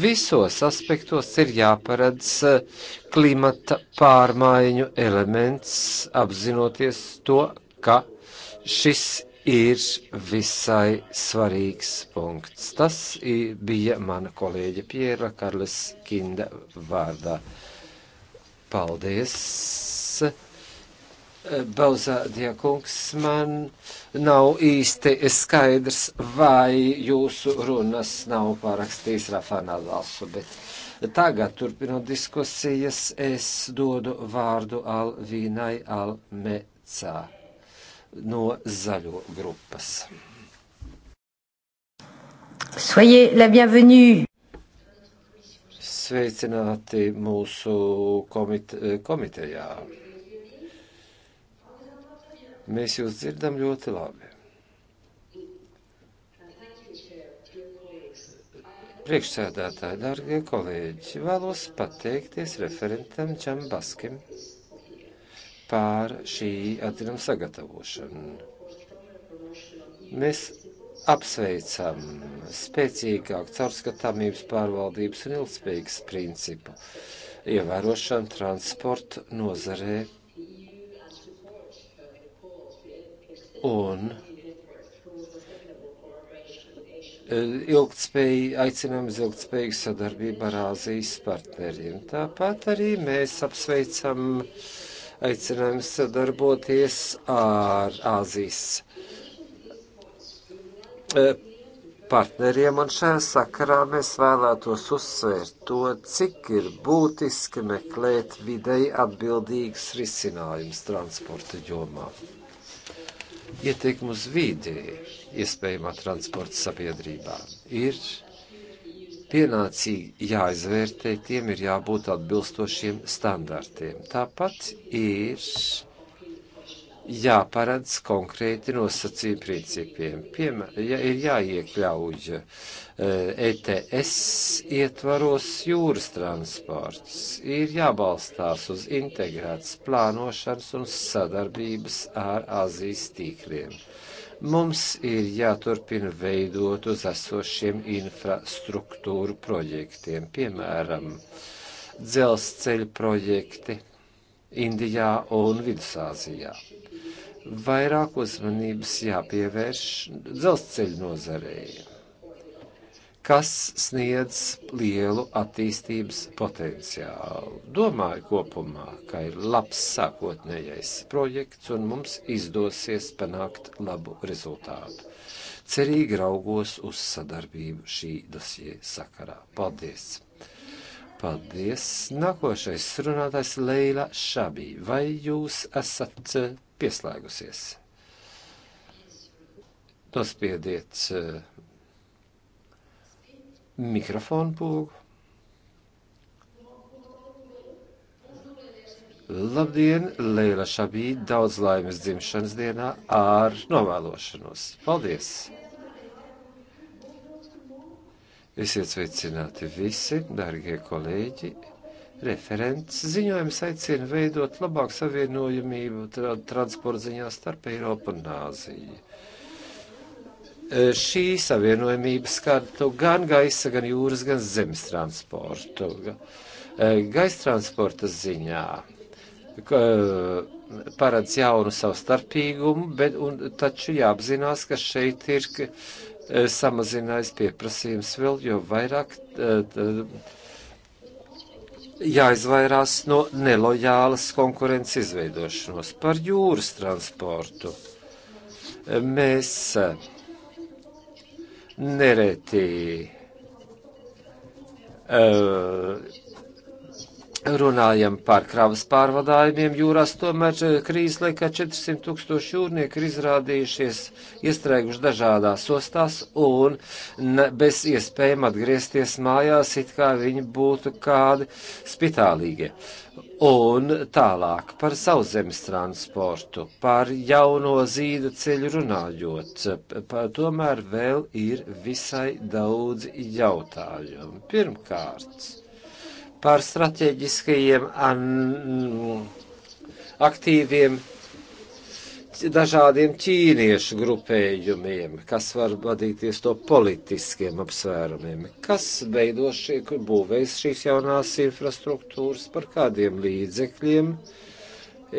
visos aspektos ir jāparedz eh, klimata pārmaiņu elements, apzinoties to, ka šis ir visai svarīgs punkts. Tas bija mana kolēģa Piera Karles Kinda vārdā. Paldies! Bauzādie kungs, man nav īsti skaidrs, vai jūsu runas nav parakstījis Rafānā Dalsu, bet tagad, turpinot diskusijas, es dodu vārdu Alvīnai Almecā no Zaļo grupas. Soyez la bienvenue! Sveicināti mūsu komite, komitejā! Mēs jūs dzirdam ļoti labi. Priekšsēdētāji, dārgie kolēģi, vēlos pateikties referentam Čambaskim pār šī atzinuma sagatavošanu. Mēs apsveicam spēcīgāku caurskatāmības pārvaldības un ilgspējīgas principu ievērošanu transporta nozarē un e, ilgtspēj, aicinām uz ilgtspējīgu sadarbību ar Āzijas partneriem. Tāpat arī mēs apsveicam aicinājumu sadarboties ar Āzijas e, partneriem, un šajā sakarā mēs vēlētos uzsvērt to, cik ir būtiski meklēt videi atbildīgas risinājumas transporta jomā ietekmi uz vidi iespējamā transporta sabiedrībā. Ir pienācīgi jāizvērtē, tiem ir jābūt atbilstošiem standartiem. Tāpat ir jāparedz konkrēti nosacījumi principiem. Piemēram, ja ir jāiekļauj ETS e ietvaros jūras transports, ir jābalstās uz integrētas plānošanas un sadarbības ar Azijas tīkliem. Mums ir jāturpina veidot uz esošiem infrastruktūru projektiem, piemēram, dzelzceļa projekti Indijā un Vidusāzijā vairāk uzmanības jāpievērš dzelzceļu nozarei, kas sniedz lielu attīstības potenciālu. Domāju kopumā, ka ir labs sākotnējais projekts un mums izdosies panākt labu rezultātu. Cerīgi raugos uz sadarbību šī dosie sakarā. Paldies! Paldies! Nākošais runātājs Leila Šabī. Vai jūs esat pieslēgusies. Nospiediet eh, mikrofonu pūgu. Labdien, Leila Šabīd, daudz laimes dzimšanas dienā ar novēlošanos. Paldies! Esiet sveicināti visi, darbie kolēģi! Referents ziņojums aicina veidot labāku savienojumību tra transporta ziņā starp Eiropu un Āziju. E, šī savienojumība skartu gan gaisa, gan jūras, gan zemes transportu. E, gaisa transporta ziņā e, paredz jaunu savstarpīgumu, bet un, taču jāapzinās, ka šeit ir samazinājis pieprasījums vēl, jo vairāk. T, t, jāizvairās no nelojālas konkurences izveidošanos par jūras transportu. Mēs eh, nereti uh, runājam par kravas pārvadājumiem jūrās, tomēr eh, krīzes laikā 400 tūkstoši jūrnieku ir izrādījušies iestrēguši dažādās ostās un ne, bez iespējām atgriezties mājās, it kā viņi būtu kādi spitālīgie. Un tālāk par sauszemes transportu, par jauno zīda ceļu runājot, pa, tomēr vēl ir visai daudz jautājumu. Pirmkārt, par strateģiskajiem aktīviem dažādiem ķīniešu grupējumiem, kas var vadīties no politiskiem apsvērumiem, kas veido šie, būvēs šīs jaunās infrastruktūras, par kādiem līdzekļiem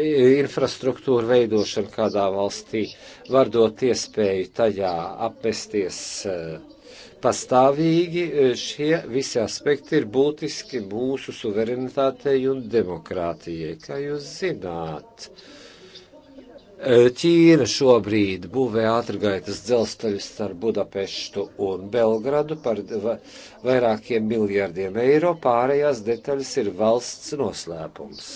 infrastruktūra veidošana kādā valstī var dot iespēju tajā apmesties uh, pastāvīgi, e, šie visi aspekti ir būtiski mūsu suverenitātei un demokrātijai, kā jūs zināt. E, Ķīna šobrīd būvē ātrgaitas dzelzceļus starp Budapeštu un Belgradu par vairākiem miljardiem eiro, pārējās detaļas ir valsts noslēpums.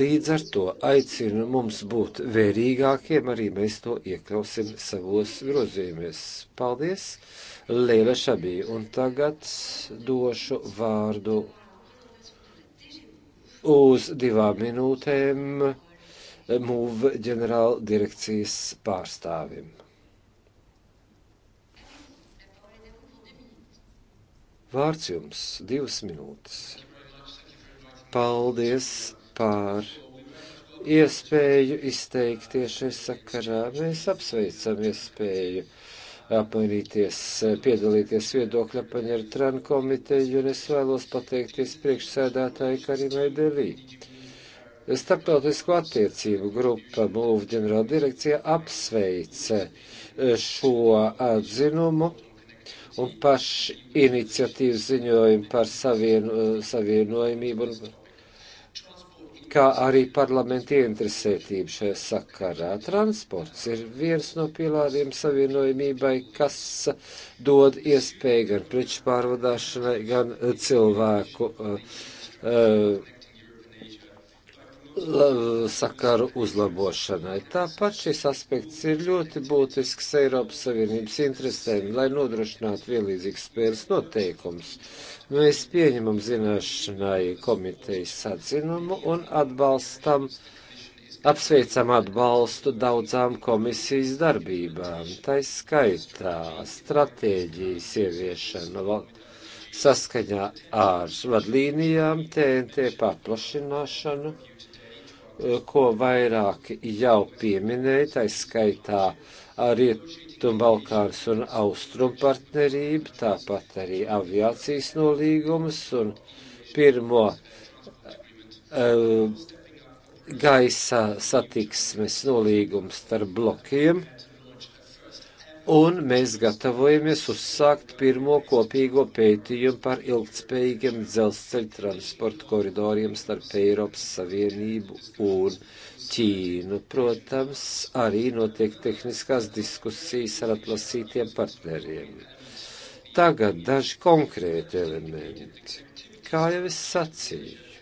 Līdz ar to aicinu mums būt vērīgākiem, arī mēs to iekļausim savos grozījumies. Paldies, Lēla Šabī, un tagad došu vārdu uz divām minūtēm MUV ģenerāla direkcijas pārstāvim. Vārds jums divas minūtes. Paldies, par iespēju izteikties šajā sakarā. Mēs apsveicam iespēju apmainīties, piedalīties viedokļa apaņa ar Tran komiteju, un es vēlos pateikties priekšsēdētāju Karimai Delī. Starptautisko attiecību grupa MUV ģenerāla direkcija apsveica šo atzinumu un paši iniciatīvu ziņojumu par savieno, savienojumību un kā arī parlamenta ieinteresētība šajā sakarā. Transports ir viens no pilāriem savienojumībai, kas dod iespēju gan preču pārvadāšanai, gan eh, cilvēku uh, uh, sakaru uzlabošanai. Tāpat šis aspekts ir ļoti būtisks Eiropas Savienības interesēm, lai nodrošinātu vienlīdzīgas spēles noteikumus Mēs pieņemam zināšanai komitejas atzinumu un atbalstam, apsveicam atbalstu daudzām komisijas darbībām, tai skaitā stratēģijas ieviešana saskaņā ar vadlīnijām, TNT paplašināšanu ko vairāk jau pieminēja, tā skaitā arī Rietumbalkāns un Austrum partnerība, tāpat arī aviācijas nolīgums un pirmo uh, gaisa satiksmes nolīgums starp blokiem un mēs gatavojamies uzsākt pirmo kopīgo pētījumu par ilgtspējīgiem dzelzceļa transporta koridoriem starp Eiropas Savienību un Ķīnu. Protams, arī notiek tehniskās diskusijas ar atlasītiem partneriem. Tagad daži konkrēti elementi. Kā jau es sacīju,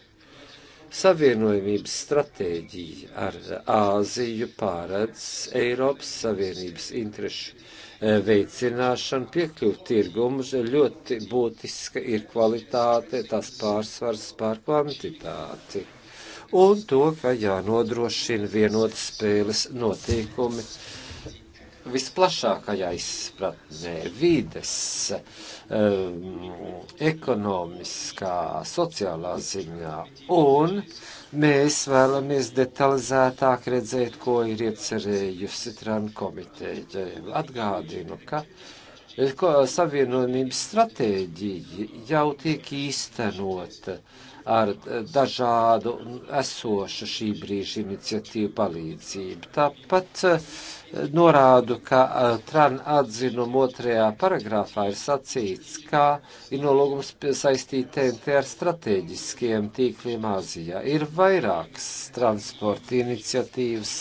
savienojumības stratēģija ar Āziju pārēdz Eiropas Savienības interešu eh, veicināšanu, piekļūt tirgumu, ļoti būtiska ir kvalitāte, tās pārsvars pār kvantitāti un to, ka jānodrošina vienotas spēles noteikumi visplašākajā izpratnē - vides, um, ekonomiskā, sociālā ziņā, un mēs vēlamies detalizētāk redzēt, ko ir iecerējusi Trana komiteja. Atgādinu, ka eh, ko, savienojumības stratēģija jau tiek īstenota. Uh, ar dažādu esošu šī brīža iniciatīvu palīdzību. Tāpat eh, norādu, ka eh, Tran atzinuma otrajā paragrāfā ir sacīts, ka ir nolūgums saistīt TNT ar strateģiskiem tīkliem Āzijā. Ir vairākas transporta iniciatīvas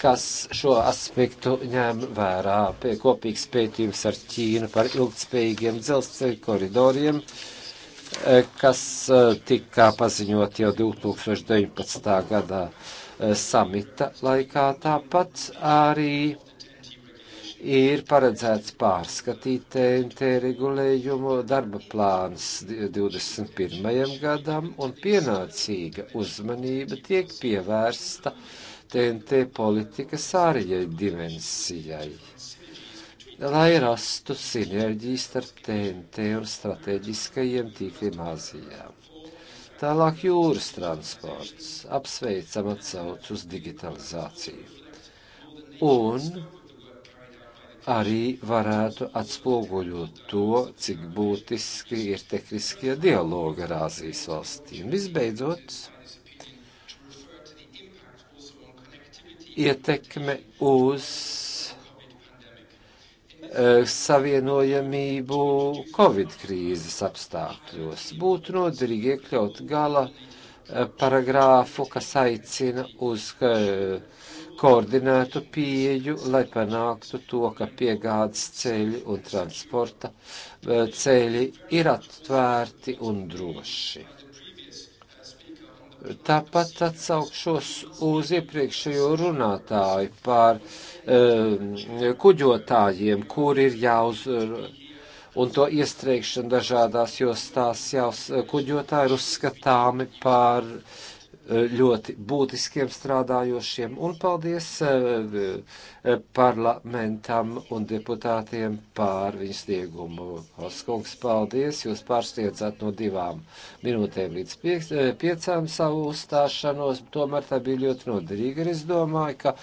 kas šo aspektu ņem vērā. Kopīgs pētījums ar Ķīnu par ilgtspējīgiem dzelzceļa koridoriem. Uh, Eh, kas eh, tika paziņot jau 2019. gadā eh, samita laikā. Tāpat arī ir paredzēts pārskatīt TNT regulējumu darba plāns 21. gadam un pienācīga uzmanība tiek pievērsta TNT politikas ārējai dimensijai lai rastu sinerģiju starp TNT un strateģiskajiem tīkliem Āzijā. Tālāk jūras transports apsveicam atsauc uz digitalizāciju. Un arī varētu atspoguļot to, cik būtiski ir tehniskie dialogi ar Āzijas valstīm. Visbeidzot, ietekme uz E, savienojamību Covid krīzes apstākļos. Būtu noderīgi iekļaut gala e, paragrāfu, kas aicina uz e, koordinētu pieju, lai panāktu to, ka piegādes ceļi un transporta ceļi ir atvērti un droši. Tāpat atsaukšos uz iepriekšējo runātāju par uh, Um, kuģotājiem, kur ir jāuz un to iestrēgšanu dažādās jostās jau kuģotāji ir uzskatāmi par uh, ļoti būtiskiem strādājošiem, un paldies eh, parlamentam un deputātiem pār viņu sniegumu. Oskungs, paldies, jūs pārsniedzat no divām minūtēm līdz piec, eh, piecām savu uzstāšanos, tomēr tā bija ļoti noderīga, es domāju, ka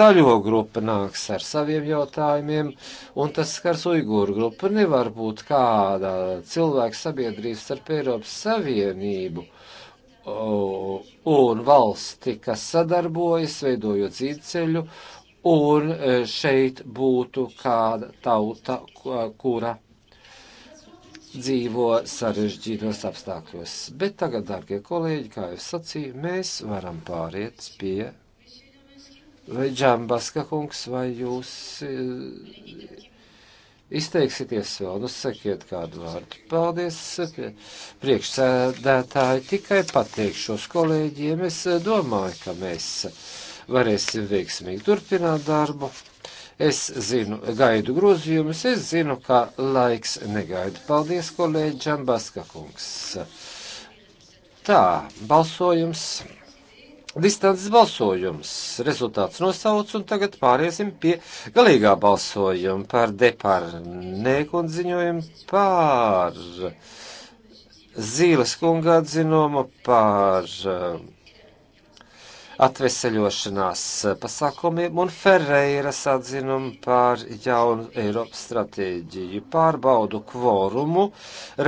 zaļo grupa nāks ar saviem jautājumiem, un tas skars uiguru grupu. Nevar būt kāda cilvēka sabiedrības ar Eiropas Savienību un valsti, kas sadarbojas, veidojot dzīvceļu, un e, šeit būtu kāda tauta, e, kura dzīvo sarežģītos apstākļos. Bet tagad, dārgie kolēģi, kā jau sacīju, mēs varam pāriet pie vai Džambaska kungs, vai jūs e, izteiksieties vēl, nu sakiet kādu vārdu. Paldies, priekšsēdētāji, tikai pateikšos kolēģiem. Es domāju, ka mēs varēsim veiksmīgi turpināt darbu. Es zinu, gaidu grozījumus, es zinu, ka laiks negaida. Paldies, kolēģi Čambaska kungs. Tā, balsojums distances balsojums. Rezultāts nosauc, un tagad pāriesim pie galīgā balsojuma par deparnieku un ziņojumu pār Zīles kunga atzinumu par atveseļošanās pasākumiem un Ferreiras atzinumu par jaunu Eiropas stratēģiju. Pārbaudu kvorumu,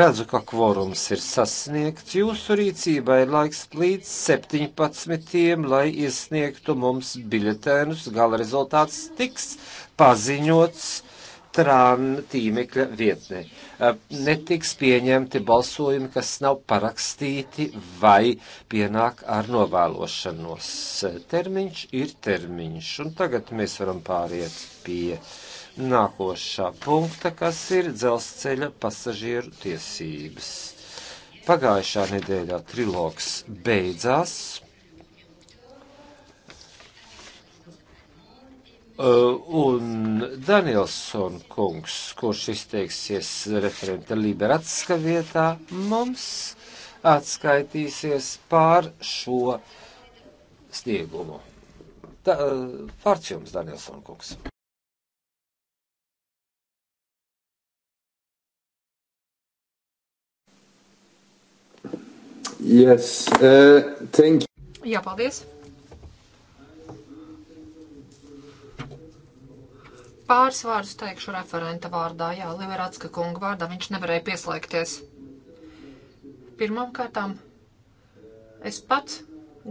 redzu, ka kvorums ir sasniegts. Jūsu rīcībā ir laiks līdz 17. lai iesniegtu mums biļetēnus. Gala rezultāts tiks paziņots tran tīmekļa vietnē. Netiks pieņemti balsojumi, kas nav parakstīti vai pienāk ar novēlošanos. Termiņš ir termiņš, un tagad mēs varam pāriet pie nākošā punkta, kas ir dzelzceļa pasažieru tiesības. Pagājušā nedēļā trilogs beidzās Uh, un Danielson kungs, kurš izteiksies referenta Liberatska vietā, mums atskaitīsies pār šo sniegumu. Tā, pārts uh, jums, Danielson kungs. Yes, uh, thank you. Jā, paldies. Pāris vārdus teikšu referenta vārdā, jā, Liberatska kunga vārdā, viņš nevarēja pieslēgties. Pirmam kārtām es pats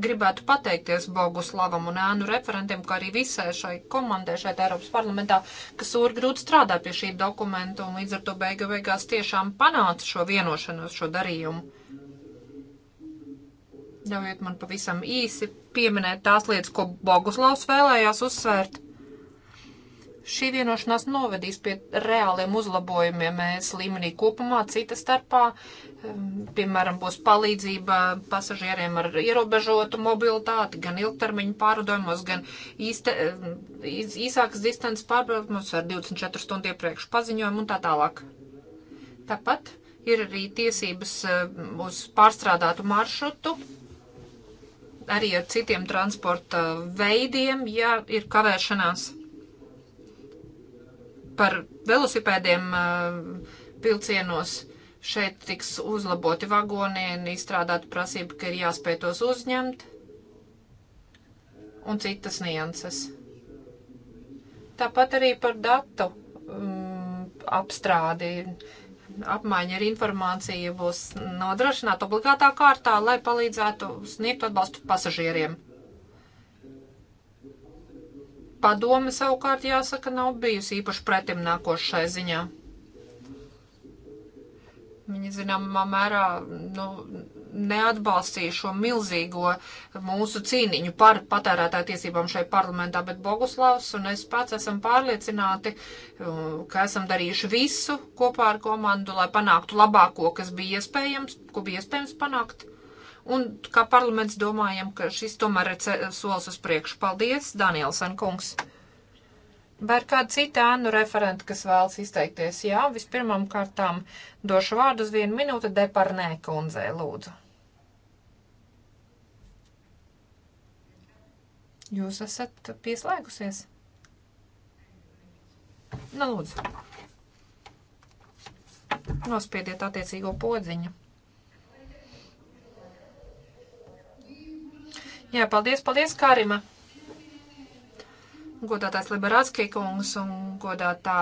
gribētu pateikties Boguslavam un ēnu referentiem, kā arī visai šai komandai šeit Eiropas parlamentā, kas sūri grūti strādā pie šī dokumenta un līdz ar to beiga beigās tiešām panāca šo vienošanos, šo darījumu. Ļaujiet man pavisam īsi pieminēt tās lietas, ko Boguslavs vēlējās uzsvērt šī vienošanās novedīs pie reāliem uzlabojumiem mēs līmenī kopumā, cita starpā, piemēram, būs palīdzība pasažieriem ar ierobežotu mobilitāti, gan ilgtermiņu pārdojumos, gan īste, īs, īsākas distances pārbraukumos ar 24 stundu iepriekš paziņojumu un tā tālāk. Tāpat ir arī tiesības uz pārstrādātu maršrutu, arī ar citiem transporta veidiem, ja ir kavēšanās par velosipēdiem eh, vilcienos. Šeit tiks uzlaboti vagoni un izstrādāta prasība, ka ir jāspēj tos uzņemt un citas nianses. Tāpat arī par datu um, apstrādi apmaiņa ar informāciju būs nodrošināta obligātā kārtā, lai palīdzētu sniegt atbalstu pasažieriem. Padome savukārt, jāsaka, nav bijusi īpaši pretim nākošai ziņā. Viņi, zināmā mērā, nu, neatbalstīja šo milzīgo mūsu cīniņu par patērētāju tiesībām šai parlamentā, bet Boguslavs un es pats esam pārliecināti, ka esam darījuši visu kopā ar komandu, lai panāktu labāko, kas bija iespējams, ko bija iespējams panākt un kā parlaments domājam, ka šis tomēr ir solis uz priekšu. Paldies, Danielsen kungs! Vai ir kāda cita ēnu referenta, kas vēlas izteikties? Jā, vispirmām kārtām došu vārdu uz vienu minūti deparnē kundzē, lūdzu. Jūs esat pieslēgusies? Nu, lūdzu. Nospiediet attiecīgo podziņu. Jā, paldies, paldies, Karima! Godātās Liberācijas kungs un godātā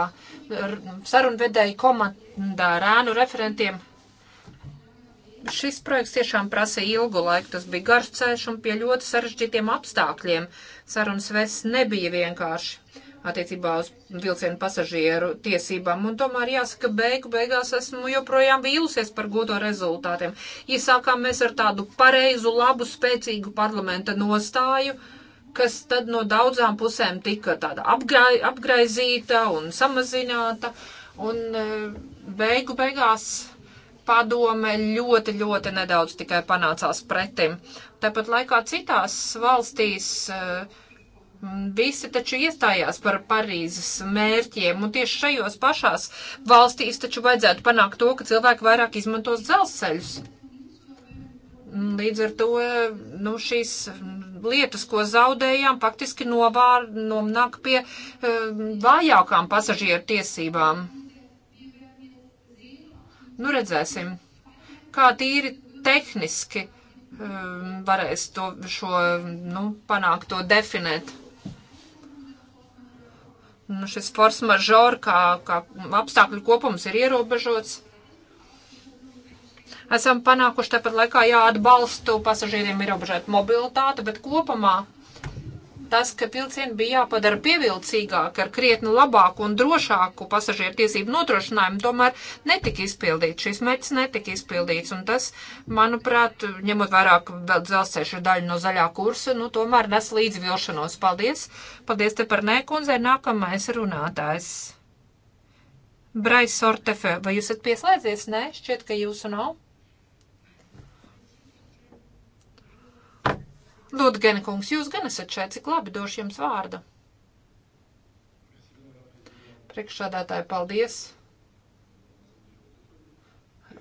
sarunvedēja komandā rēnu referentiem šis projekts tiešām prasa ilgu laiku. Tas bija garš ceļš un pie ļoti sarežģītiem apstākļiem. Sarunas vairs nebija vienkārši attiecībā uz vilcienu pasažieru tiesībām. Un tomēr jāsaka, beigu beigās esmu joprojām vīlusies par goto rezultātiem. Iesākām mēs ar tādu pareizu, labu, spēcīgu parlamenta nostāju kas tad no daudzām pusēm tika tāda apgrai, apgraizīta un samazināta, un eh, beigu beigās padome ļoti, ļoti nedaudz tikai panācās pretim. Tāpat laikā citās valstīs uh, Mm, visi taču iestājās par Parīzes mērķiem, un tieši šajos pašās valstīs taču vajadzētu panākt to, ka cilvēki vairāk izmantos dzelzceļus. Mm, līdz ar to nu, šīs lietas, ko zaudējām, faktiski novār, nonāk pie eh, vājākām pasažieru tiesībām. Nu, redzēsim, kā tīri tehniski eh, varēs to šo, nu, panākt to definēt nu, šis force majeure, kā, kā apstākļu kopums ir ierobežots. Esam panākuši tāpat laikā jāatbalstu pasažieriem ierobežot mobilitāti, bet kopumā tas, ka vilcieni bija jāpadara pievilcīgāk ar krietni labāku un drošāku pasažieru tiesību nodrošinājumu, tomēr netika izpildīts. Šis mērķis netika izpildīts, un tas, manuprāt, ņemot vairāk vēl dzelzceļa daļu no zaļā kursa, nu tomēr nes līdzi vilšanos. Paldies! Paldies te par nē, kundzei, nākamais runātājs. Brais Sortefe, vai jūs esat pieslēdzies? Nē, šķiet, ka jūsu nav. Lūdzu, Genekungs, jūs gan esat šeit, cik labi došu jums vārdu. Priekšādātāji, paldies.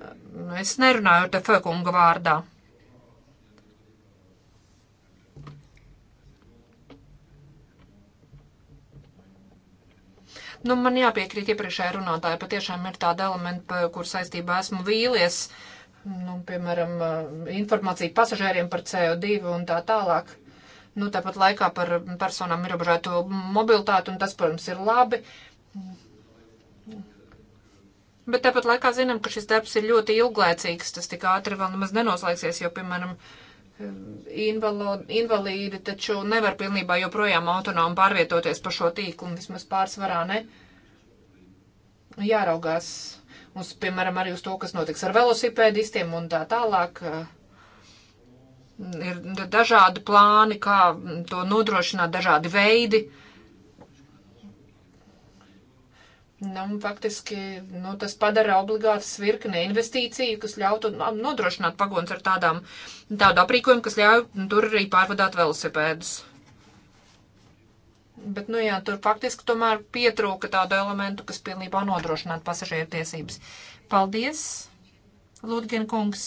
Nu, es nerunāju te Fekunga vārdā. Nu, man jāpiekrīt iepriekšējā runātāja, patiešām ir tāda elementa, kur saistībā esmu vīlies. Uh, nu, piemēram, eh, informāciju pasažēriem par CO2 un tā tālāk. Nu, tāpat laikā par personām ir apžēto mobilitāti, un tas, protams, ir labi. Bet tāpat laikā zinām, ka šis darbs ir ļoti ilglaicīgs, tas tik ātri vēl nemaz nenoslēgsies, jo, piemēram, eh, invalo, invalīdi taču nevar pilnībā joprojām autonomi pārvietoties pa šo tīklu, un vismaz pārsvarā ne. Jāraugās uz, piemēram, arī uz to, kas notiks ar velosipēdistiem un tā tālāk. Eh, ir dažādi plāni, kā to nodrošināt, dažādi veidi. Nu, faktiski nu, tas padara obligātas virkne investīciju, kas ļautu nu, nodrošināt pagons ar tādām, tādu aprīkojumu, kas ļauj tur arī pārvadāt velosipēdus. Bet, nu jā, tur faktiski tomēr pietrūka tādu elementu, kas pilnībā nodrošinātu pasažieru tiesības. Paldies, Lūdgen kungs.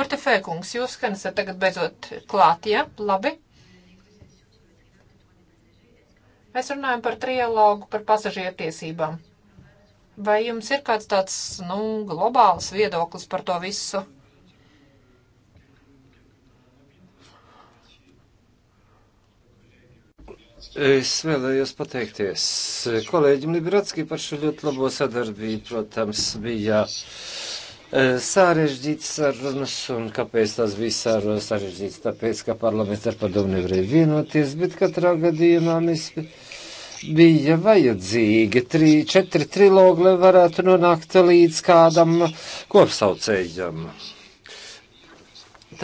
Ortefē kungs, jūs gan esat tagad beidzot klāt, ja? Labi. Mēs runājam par trialogu par pasažieru tiesībām. Vai jums ir kāds tāds, nu, globāls viedoklis par to visu? Es vēlējos pateikties kolēģim Liberatski par šo ļoti labo sadarbību. Protams, bija e, sarežģīts sarunas, un kāpēc tas bija sarežģīts? Tāpēc, ka parlaments ar padomu nevarēja vienoties, bet katrā gadījumā mēs bija vajadzīgi tri, četri trilogi, lai varētu nonākt līdz kādam kopsaucējam.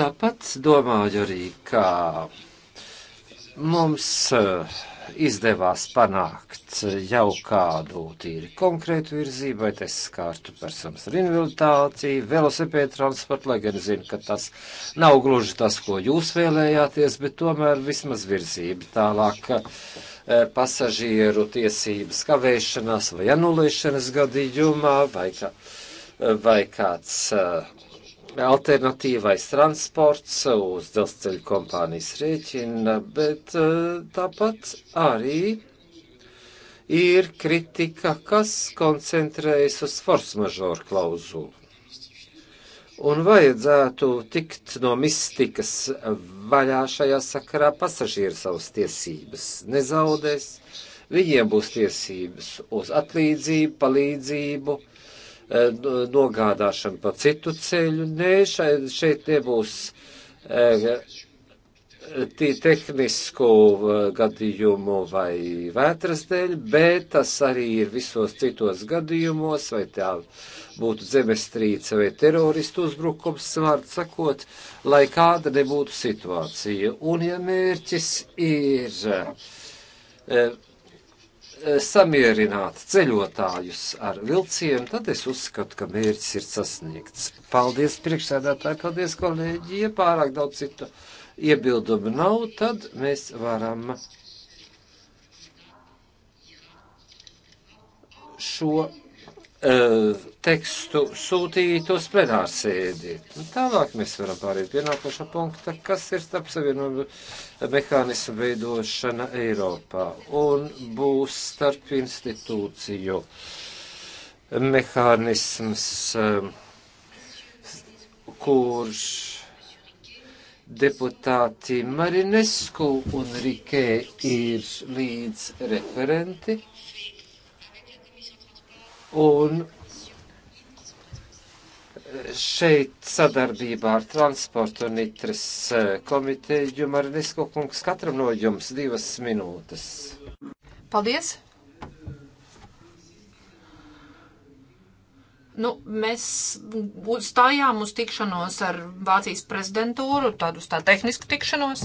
Tāpat domāju arī, kā. Ka mums eh, izdevās panākt jau kādu tīri konkrētu virzību, vai tas skārtu personas ar invaliditāciju, velosipēdu transportu, lai gan zinu, ka tas nav gluži tas, ko jūs vēlējāties, bet tomēr vismaz virzība tālāk eh, pasažieru tiesības kavēšanās vai anulēšanas gadījumā, vai, kā, vai kāds uh, alternatīvais transports uz dzelzceļa kompānijas rēķina, bet eh, tāpat arī ir kritika, kas koncentrējas uz force majeure klauzulu. Un vajadzētu tikt no mistikas vaļā šajā sakarā pasažieri savas tiesības nezaudēs, viņiem būs tiesības uz atlīdzību, palīdzību Eh, nogādāšanu pa citu ceļu. Nē, šeit, šeit nebūs eh, tehnisku eh, gadījumu vai vētras dēļ, bet tas arī ir visos citos gadījumos, vai tā būtu zemestrīce vai teroristu uzbrukums, vārdu sakot, lai kāda nebūtu situācija. Un ja mērķis ir Eh, samierināt ceļotājus ar vilcienu, tad es uzskatu, ka mērķis ir sasniegts. Paldies priekšsēdētāji, paldies kolēģi, ja pārāk daudz citu iebildumu nav, tad mēs varam šo Eh, tekstu sūtīt uz plenārsēdi. Nu, tālāk mēs varam pāriet pie nākošā punkta, kas ir starp savienojumu mehānismu veidošana Eiropā un būs starp institūciju mehānisms, eh, kurš deputāti Marinesku un Rikē ir līdz referenti. Un šeit sadarbībā ar transportu un itras eh, komiteju Marinesko kungs katram no jums divas minūtes. Paldies! Nu, mēs uzstājām uz tikšanos ar Vācijas prezidentūru, tādu uz tā tehnisku tikšanos.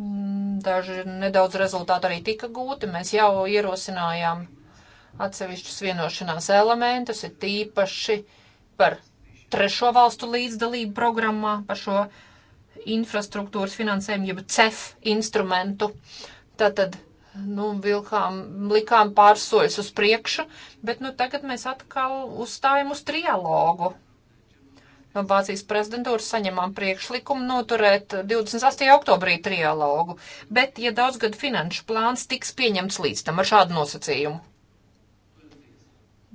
Mm, daži nedaudz rezultāti arī tika gūti. Mēs jau ierosinājām uh, atsevišķus vienošanās elementus, ir tīpaši par trešo valstu līdzdalību programmā, par šo infrastruktūras finansējumu, jeb CEF instrumentu. Tātad, nu, vilkām, likām pārsojas uz priekšu, bet, nu, tagad mēs atkal uzstājam uz trialogu. No Vācijas prezidentūras saņemām priekšlikumu noturēt 28. oktobrī trialogu, bet, ja daudzgadu finanšu plāns tiks pieņemts līdz tam ar šādu nosacījumu.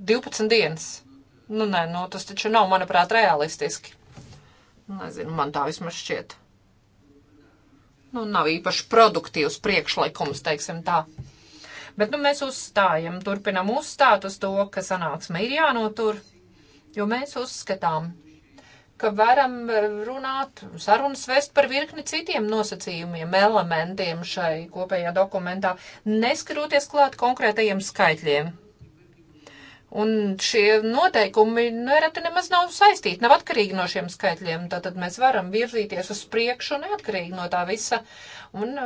12 dienas. Nu, nē, nu, tas taču nav, manuprāt, realistiski. Nezinu, man tā vismaz šķiet. Nu, nav īpaši produktīvs priekšlikums, teiksim tā. Bet, nu, mēs uzstājam, turpinam uzstāt uz to, ka sanāksme ir jānotur, jo mēs uzskatām, ka varam e, runāt, sarunas vest par virkni citiem nosacījumiem, elementiem šai kopējā dokumentā, neskaroties klāt konkrētajiem skaitļiem. Un šie noteikumi nereti nemaz nav saistīti, nav atkarīgi no šiem skaitļiem. Tātad mēs varam virzīties uz priekšu neatkarīgi no tā visa. Un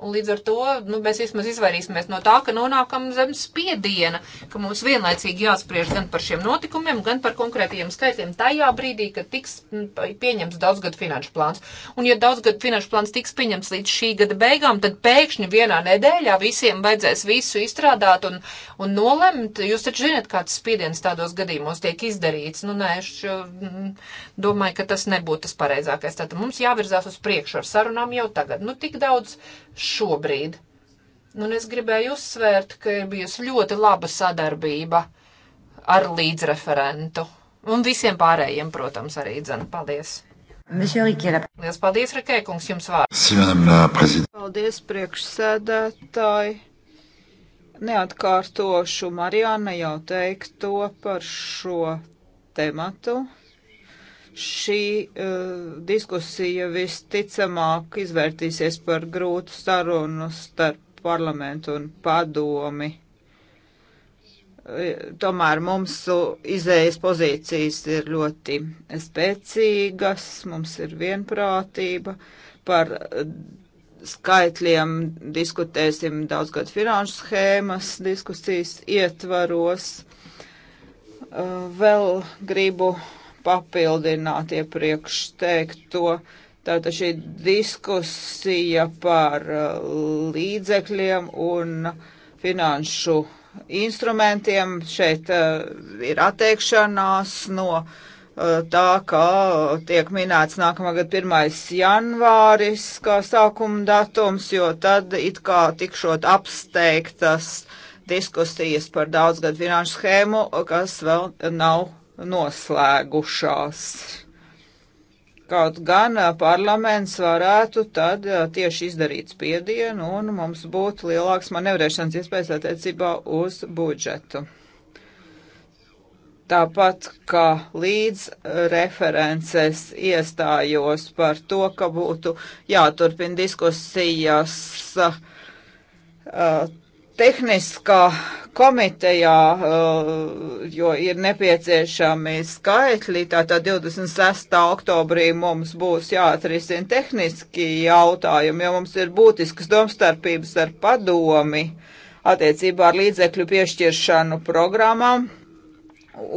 Un līdz ar to nu, mēs vismaz izvairīsimies no tā, ka nonākam zem spiediena, ka mums vienlaicīgi jāspriež gan par šiem notikumiem, gan par konkrētajiem skaitļiem tajā brīdī, kad tiks pieņems daudzgadu finanšu plāns. Un ja daudzgadu finanšu plāns tiks pieņems līdz šī gada beigām, tad pēkšņi vienā nedēļā visiem vajadzēs visu izstrādāt un, un nolemt. Jūs taču zināt, kāds spiediens tādos gadījumos tiek izdarīts. Nu, nē, es šo, domāju, ka tas nebūtu tas pareizākais. Tātad mums jāvirzās uz priekšu ar sarunām jau tagad. Nu, tik daudz šobrīd. Nu, un es gribēju uzsvērt, ka ir bijusi ļoti laba sadarbība ar līdzreferentu un visiem pārējiem, protams, arī dzene. Paldies! Lielas paldies, Rekēkungs, jums vārds. Paldies, priekšsēdētāji. Neatkārtošu Marijāna jau teikto par šo tematu. Šī uh, diskusija visticamāk izvērtīsies par grūtu sarunu starp parlamentu un padomi. Eh, tomēr mums izējas pozīcijas ir ļoti spēcīgas, mums ir vienprātība par eh, skaitļiem diskutēsim daudzgad finanšu schēmas diskusijas ietvaros. Vēl gribu papildināt iepriekš teikto. Tātad šī diskusija par uh, līdzekļiem un finanšu instrumentiem šeit uh, ir atteikšanās no uh, tā, ka tiek minēts nākamā gada 1. janvāris kā sākuma datums, jo tad it kā tikšot apsteigtas diskusijas par daudzgadu finanšu schēmu, kas vēl nav noslēgušās. Kaut gan parlaments varētu tad tieši izdarīt spiedienu un mums būtu lielāks manevrēšanas iespējas attiecībā uz budžetu. Tāpat kā līdz references iestājos par to, ka būtu jāturpina diskusijas uh, tehniskā komitejā, uh, jo ir nepieciešami skaitļi, tātad 26. oktobrī mums būs jāatrisina tehniski jautājumi, jo mums ir būtiskas domstarpības ar padomi attiecībā ar līdzekļu piešķiršanu programām.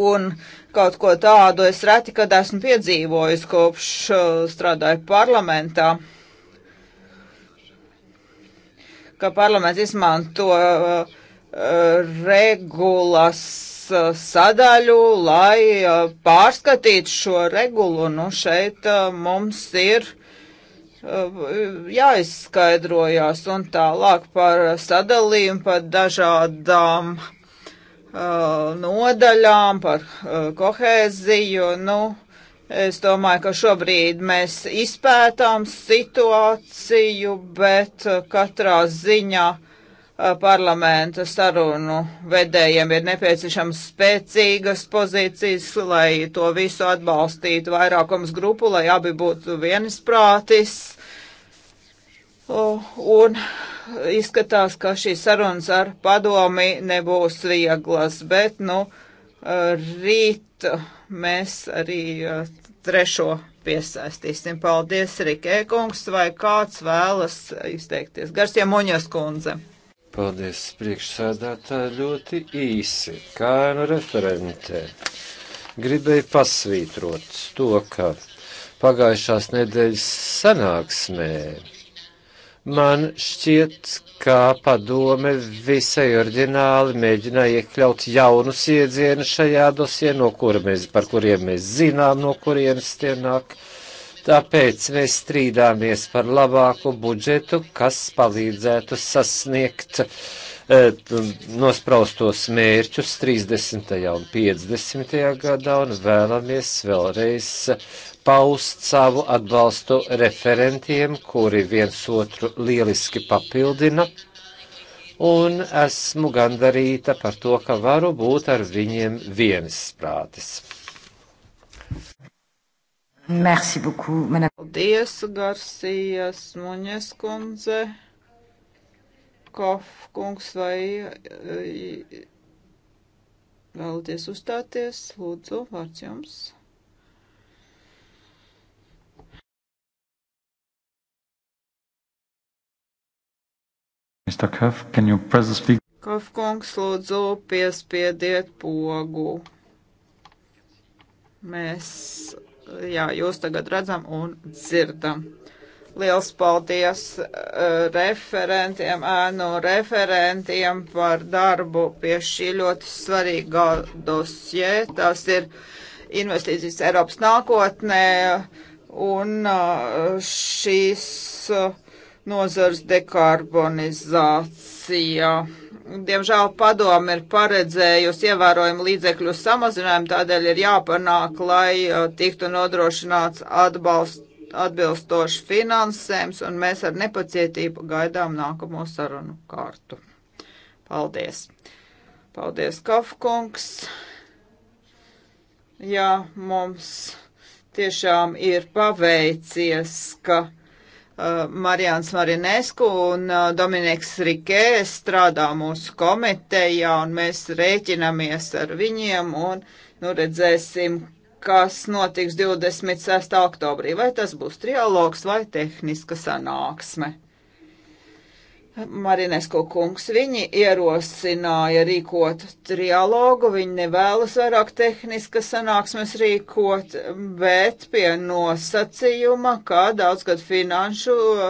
Un kaut ko tādu es reti, kad esmu piedzīvojis kopš uh, strādāju parlamentā. Uh, ka parlaments izmanto uh, uh regulas uh, sadaļu, lai uh, pārskatītu šo regulu. Nu, šeit uh, mums ir uh, jāizskaidrojās un tālāk par sadalījumu, par dažādām nodaļām, par kohēziju. Nu, Es domāju, ka šobrīd mēs izpētām situāciju, bet uh, katrā ziņā uh, parlamenta sarunu vedējiem ir nepieciešams spēcīgas pozīcijas, lai to visu atbalstītu vairākums grupu, lai abi būtu vienisprātis. Uh, un izskatās, ka šīs sarunas ar padomi nebūs vieglas, bet, nu, rīt mēs arī trešo piesaistīsim. Paldies, Rikē kungs, vai kāds vēlas izteikties? Garsie Moņas kundze. Paldies, priekšsēdētāji, ļoti īsi, kā nu referentē. Gribēju pasvītrot to, ka pagājušās nedēļas sanāksmē Man šķiet, ka padome visai orģināli mēģināja iekļaut jaunus iedzienus šajā dosie, no kura mēs, par kuriem mēs zinām, no kurienes tie nāk. Tāpēc mēs strīdāmies par labāku budžetu, kas palīdzētu sasniegt et, nospraustos mērķus 30. un 50. gadā un vēlamies vēlreiz paust savu atbalstu referentiem, kuri viens otru lieliski papildina, un esmu gandarīta par to, ka varu būt ar viņiem viensprātis. Merci beaucoup, madame. Paldies, Garcijas Muņas kundze. Kof kungs vai eh, vēlaties uzstāties? Lūdzu, vārds jums. Mr. Cuff, can you press the speak? Kaf kungs, lūdzu, piespiediet pogu. Mēs, jā, jūs tagad redzam un dzirdam. Liels paldies uh, referentiem, ēnu referentiem par darbu pie šī ļoti svarīgā dosjē. Tas ir investīcijas Eiropas nākotnē un uh, šīs. Uh, nozars dekarbonizācija. Diemžēl padome ir paredzējusi ievērojumu līdzekļu samazinājumu, tādēļ ir jāpanāk, lai uh, tiktu nodrošināts atbalsts atbilstoši finansēms, un mēs ar nepacietību gaidām nākamo sarunu kārtu. Paldies! Paldies, Kafkungs! Jā, mums tiešām ir paveicies, ka Eh, Marijāns Marinesku un eh, Dominiks Rikē strādā mūsu komitejā, un mēs rēķinamies ar viņiem, un nu redzēsim, kas notiks 26. oktobrī. Vai tas būs trialogs vai tehniska sanāksme? Marinesko kungs, viņi ierosināja rīkot trialogu, viņi nevēlas vairāk tehniskas sanāksmes rīkot, bet pie nosacījuma, ka daudzgad finanšu uh,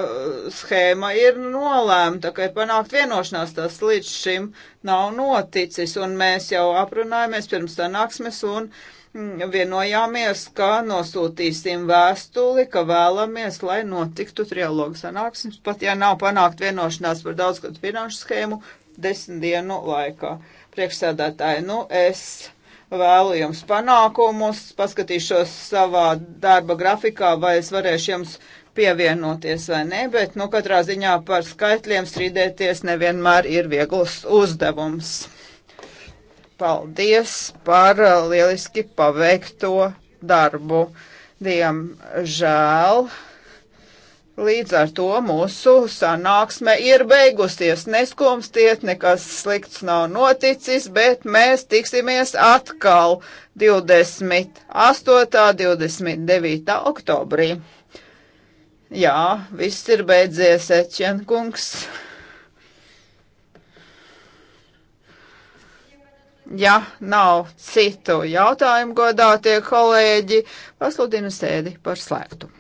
schēma ir nolēmta, ka ir panākt vienošanās, tas līdz šim nav noticis, un mēs jau aprunājamies pirms sanāksmes, un uh, vienojāmies, ka nosūtīsim vēstuli, ka vēlamies, lai notiktu trialogu sanāksmes, pat ja nav panākt vienošanās par daudzgadu finanšu schēmu desmit dienu laikā. Priekšsēdētāji, nu es vēlu jums panākumus, paskatīšos savā darba grafikā, vai es varēšu jums pievienoties vai nē, bet, nu, katrā ziņā par skaitļiem strīdēties nevienmēr ir viegls uzdevums. Paldies par uh, lieliski paveikto darbu. Diemžēl. Līdz ar to mūsu sanāksme ir beigusies. Neskumstiet, nekas slikts nav noticis, bet mēs tiksimies atkal 28. 29. oktobrī. Jā, viss ir beidzies, Ečenkungs. Ja nav citu jautājumu godā tie kolēģi, pasludinu sēdi par slēgtu.